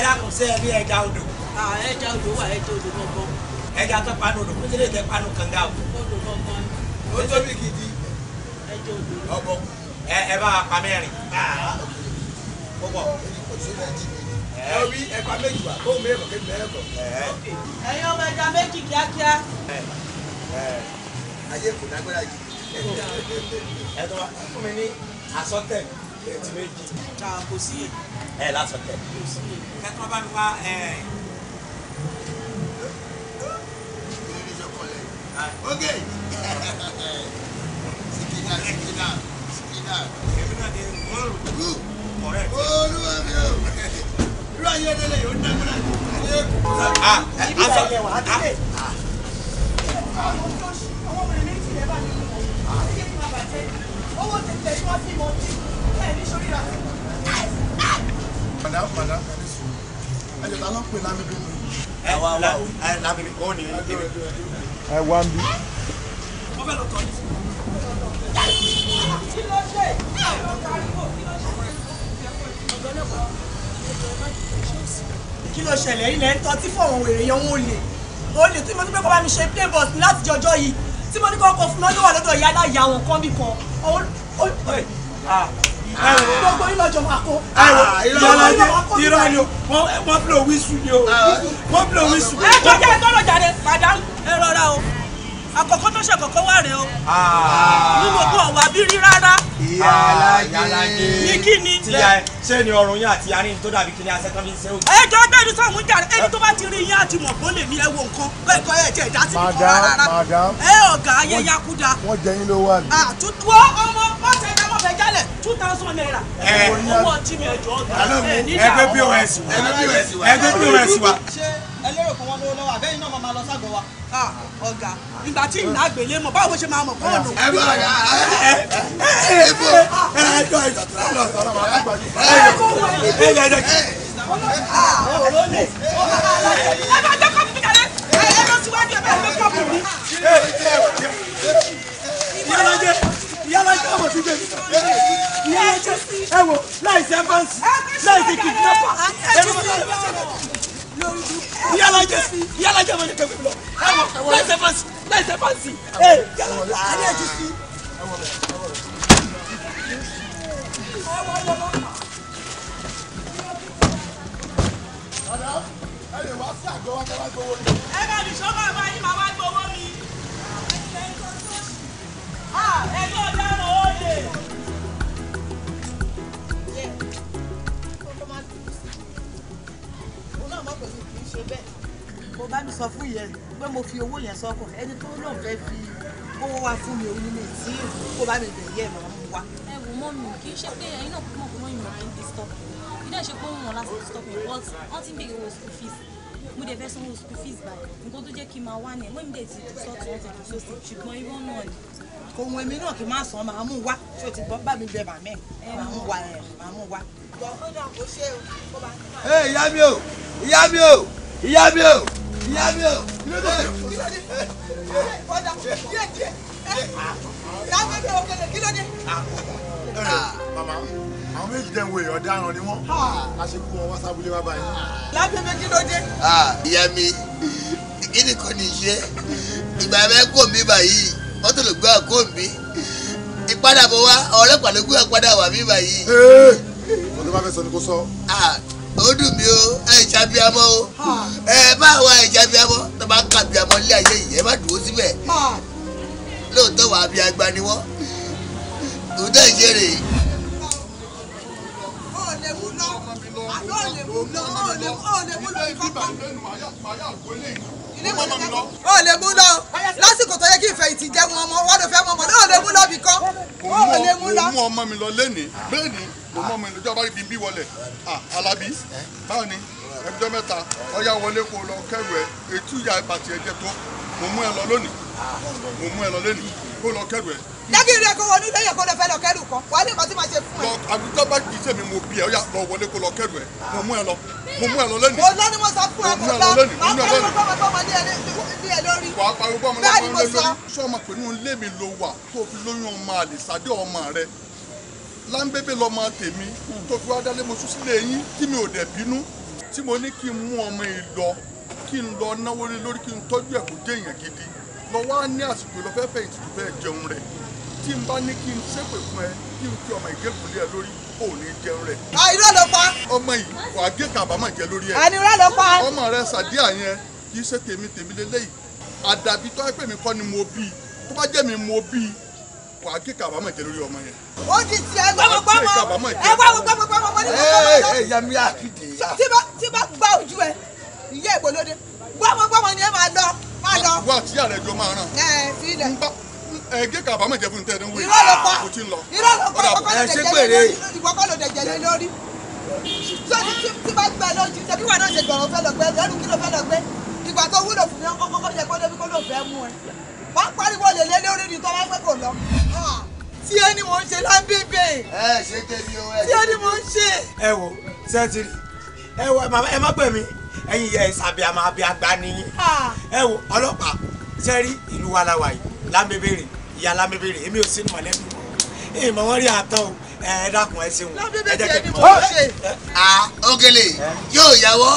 ẹ dákun sẹ bí ẹja odò. ẹja odò wà ẹja odò gbọgbọ. ẹja tó panu odò kótó lè tẹ panu kànga o. odò gbọgbọ. ó tóbi gidi. ẹja odò. ọgbọ ẹ ẹ bá wa pa mẹ́rin. ó pọ. ẹ wí ẹ̀pà méjì wá kó mi èkó kébi mẹ́rin kọ. ẹ̀yin ọmọ ẹja méjì kíákíá. ayé kò dágbéra jù. ẹ tó wa fún mi ní asọ́tẹ̀ ẹ̀tì méjì. kò sí yìí ẹ lásán tẹ. kẹtọ bá mi wá é ok sikina sikina sikina. èmi náà ni mọ́ọ̀lù ọ̀rẹ́ mi. olúwa mi o irú ayé ah yóò ná mi náà. ibi ayé wa á dé. àwọn ọmọ rẹ̀ méjì lẹ́bàá ni mo mọ̀ ọ́ ṣe é ní ma bàjẹ́ owó tètè ni wọ́n fi mọ́. pè lámìbí mi. ẹ wá wá o lámìbí ó ní ibi. ẹ wá ń bí. wọ́n fẹ́ lọ tọ́ ní. kí ló ṣe kí ló ṣẹlẹ̀ ilẹ̀ ń tọ́ tí fọ̀wọ̀n wèrè yẹn wọ́n lè wọ́n lè tí mo ní pé kọ́ mi ṣe playbox láti jọjọ́ yìí tí mo ní kọ́ kọ́ fún mi wà lọ́dọ̀ ìyá aláya àwọn kan bí kan. Ah gbogbo yín lọ́jọ́ máa kó. ìyálàjẹ ah, irọ́ ni o wọ́n bí lò wíṣù ni o ah, wọ́n bí lò wíṣù. ẹ tó jẹ́ ẹgbọ́rọ̀ jáde madam ẹ rọra o àkọ́kọ́ tó ṣe kọ́kọ́ wà rèé o ah. nínú kó wà bí rí rárá. ìyálàjẹ ní kí ni. tíya ẹ ṣé ni ọrùn yín àti arín tó dàbí kí ni asẹ́tọ́ fi ń ṣe òjò. ẹ jọ gbẹdú sọ̀hún jàre ẹni tó bá ti rí yín àti mọ̀ kó lè ní ẹwọ nǹkan kẹ́kọ̀ọ́ ẹ̀ jẹ́ ìdásí nǹkan rárá. ẹ ọ̀gá ayẹyẹ akúda. wọ́n jẹ yín lówó àná. àtúntò ọmọ wọn fẹ́ jálẹ̀ two thousand naira owó ọtí mi ẹjọ́ ọ̀gá ẹ̀ nígbà ọ̀gá ẹgbẹ́ pos wa ẹgbẹ́ pos wa. ṣé ẹlẹ́rọ kò wọ́n lówó lọ́wọ́ àbẹ́yìn náà máa lọ ságọ̀ wa. ọ̀gá ìgbà tí ìná àgbélé mọ̀ báwo ṣe máa mọ̀ fóònù. ẹ bọ́ ọ̀gá ẹ ẹ bọ́ ẹ ẹ jọ ìjọba lọ́sọ̀rọ̀ ẹ bá jẹ́ kọ́pù jàre ẹ lọ síwájú ẹ bá jẹ́ kọ́pù yàrá ìjọba mo ti gbé mi ìyá ẹjẹ ẹ wò láì sí ẹfáǹsì láì sí kìdínápà ẹ ló máa lọ yàrá ìjẹ yàrá ìjọba ni pẹ̀lú lọ ẹ wò láì sí ẹfáǹsì láì sí ẹfáǹsì ẹ yàrá ìjọba ẹjẹ sí. Ẹ bá mi sọ́kọ̀ ẹ̀ bá yín máa wá gbowó mo bá mi sọ fún yẹn pé mo fi owó yẹn sọkọ ẹni tó náà fẹ́ fi owó wá fún mi òun ni mi tí kò bá mi bẹ̀ yẹ màá mú wa. ẹ wò mọ mi kì í ṣe pé ẹyin náà kúmọ̀ kúmọ̀ ìmọ̀ràn ń disturb mi ìdá ìṣe pé òun wọn láti disturb mi but wọ́n ti ń bèèrè owó school fees mo dẹ̀ fẹ́ sanwó school fees báyìí nǹkan tó jẹ́ kí n máa wá nìyẹn wẹ́mi dẹ̀ ti sọ́ọ̀tì wọ́n ti tù sósì ṣùgbọ́n irọ́ náà ni. ohun èmi náà kì í máa sàn máa mú wá ṣé o ti gbọ́ bá mi bẹ màmí ẹ̀ máa mú wá ẹ̀ máa mú wá. ẹ ìyá mi o ìyá mi o ìyá mi o ìyá mi o. kí ló dé? màmá àwọn méjì dẹ̀ ń wo èèyàn ọ̀daràn ni wọ́n àṣekú wọn wá sábúlé wá báyìí. lábẹ́bẹ́ kí ló dé. ìyá mi kí ni kò ní ṣe ìgbà mẹ́kò mi báyìí wọ́n tó lè gbé àkó mi ìpadàbọ̀ wa ọlọ́pàá ló gbé àpadà wà mí báyìí. mo tó bá fẹ́ sọ ni kò sọ. ó dùn mí o ẹ ìjàbíamọ o ẹ bá wa ìjàbíamọ tó bá ń kàbíamọ nílé ayé yìí ẹ má dùn ó síbẹ̀ lóòótọ́ wàá bí agbaniwọ́ tòótọ́ ìṣeré lọ àlọ́ ò lè mú lọ ò lè mú lọ ìkọ̀kan. ò lè mú lọ lásìkò tó yẹ kí ìfẹ́ ìtì jẹ́ wọn ọmọ wọn ló fẹ́ wọn ọmọ náà ò lè mú lọ bìkan ò lè mú lọ. mo mú ọmọ mi lọ lẹ́nìí bẹ́ẹ̀ni mo mú ọmọ mi lọ jọba ibi bí wọlé alábí báwo ni ẹgbẹ́ mẹ́ta ọ̀yá wọlé kó lọ kẹrù ẹ ètú ìyá ìbàtì ẹ̀jẹ̀ tó mo mú ẹ lọ lónìí mo mú ẹ lọ lónìí kó lọ kẹrù ẹ jákè rí ẹkọ wọnú lẹ́yìn kó lọ fẹ́ lọ kẹrù kan wàá lè kọ tí màá ṣe fún ẹ. àbíkọ́ bá kì í ṣe mi mo bí ẹ ọyà lọ wọlé kó lọ kẹrù ẹ mo mú ẹ lọ mo mú ẹ lọ lẹ́nu. mo lọ ni mo sọ fún ẹ mo lọ máa pariwo gbọmọgbọmọ ní ẹ lórí. wàá pariwo gbọmọgbọmọ ní ẹ lórí sọ ma pé nínú ilé mi ló wà tó fi lóyún ọmọ àlè sàdé ọmọ rẹ láńbébé lọmọ tèmi tó fi wá dálé mo sùn sílé yín tí mi ò dẹ̀ bínú tí mo ní kí n mú ọmọ yìí lọ kí n lọ náwó lé lórí kí n tọ́jú ẹ̀ kó jẹ́ èèyàn gidi lọ wá ní àsìkò ìlọ́fẹ́fẹ́ ìtìjú fẹ́ jẹun rẹ̀ tí n bá ní kí n ṣépè fún ẹ kí n fi ọmọ ìgékùnlé ẹ lórí ò ní jẹun rẹ. àìró ah, ló pa. ọmọ yìí wàá gé kábàámọ̀ jẹ lórí ẹ. àìró ló pa. ọmọ rẹ sàdíà yẹn kì í ṣe tèmi tèmi lélẹ́yìí àdàbí tó ẹ pè kọ́ ni mo bí i tó bá jẹ́ mi mo bí i wàá gé kábàámọ̀ jẹ lórí ọmọ yẹn. ó di ti ẹ gbọ́mọ gbọ́mọ ẹ wá gbọ́mọ gbọ́mọ wọ́n ní wọ́n gbọ́mọ tí bá gbá ojú ẹ ìyá ìgbòlódé gbọ́mọ gbọ́mọ ni ẹ máa lọ máa lọ ẹ gé kàbá mọ̀ jẹ́ fún tẹ́ ẹ̀dínwó yìí kò tí ń lọ. irọ́ ló pa ìwọ kọ́ ló dẹ̀ jẹ́ lé lórí ìwọ kọ́ ló dẹ̀ jẹ́ lé lórí. tí bá gbẹ lójú ṣe bí wà náà ṣe gbọ̀rọ̀ fẹ́ lọ gbẹ lẹ́nu kí ló fẹ́ lọ gbé ìgbà tó wúlò fún mi ọkọ̀ kọ́ ṣe kó débi kó ló fẹ́ mú ẹ. wọ́n pariwo lè lé lórí ni tọ́ bá pẹ́ kò lọ ah, tí ẹ ní mò ń ṣe lábẹ́bẹ̀. ẹ ṣe tèmi o ẹ ṣe tèmi. tí ẹ ní mò ń ṣe. ẹ wò sẹ́ńtìrì ẹ wò ẹ má pè mí ẹ̀yin ìyá ẹ̀ sàbí àmọ́ àbí àgbà nìyí ìyá alámẹ́bẹ̀rẹ̀ èmi ò sínú mọ̀lẹ́bí ìmọ̀ wọn rí àtọ́ o ẹ dákun ẹ ṣeun ẹ jẹ́ kí n mọ̀. Ogele yóò yàwọ́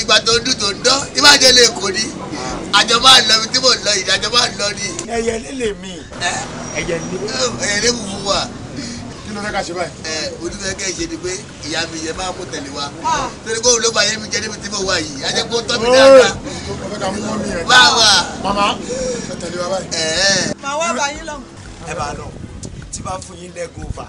ìgbà tó ń dún tó ń dán ìbàjẹ́ lè kò ní àjọ máa lọ ibi tí mò ń lọ ìdájọ́ máa ń lọ ní. ẹyẹ lè lè mí. ẹyẹ lè. ẹyẹ lè bùbù wà ló fẹ́ ká ṣe báyìí. ẹ ojúfẹ́ kẹ́ ẹ ṣe ni pé ìyá mi yẹ máa kó tẹ̀lé wa ah. torí kó ló bá yẹ mi jẹ níbi tí mo wà yìí ajẹ́ kó tọ́ mi dáadáa. o fẹ́ ka mú mi yẹn. báwa. màmá ẹ tẹ̀lé wa báyìí. ẹ ẹ. màá wá bá yín lọ. ẹ bá lọ tí bá fún yín lẹ́gùn fà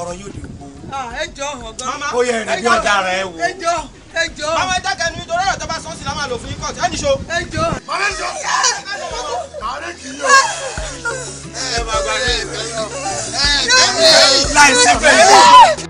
ọ̀rọ̀ yóò dé gbó. Ah, ẹ jọ ọ̀gá. ó yẹ ẹ̀rẹ̀ bí ọ̀dà rẹ̀ wò. ẹ jọ ẹ jọ. àwọn ẹja kẹnu mi torí ọ̀rọ̀ tó la máa lò fún yín ẹni ṣo. ẹ jọ. bàbá ìjọ àárẹ̀ kì í yọ. ẹ bàbá rẹ̀ ẹ fẹ́ yọ. ẹ fẹ́ mi. láì sí yọ.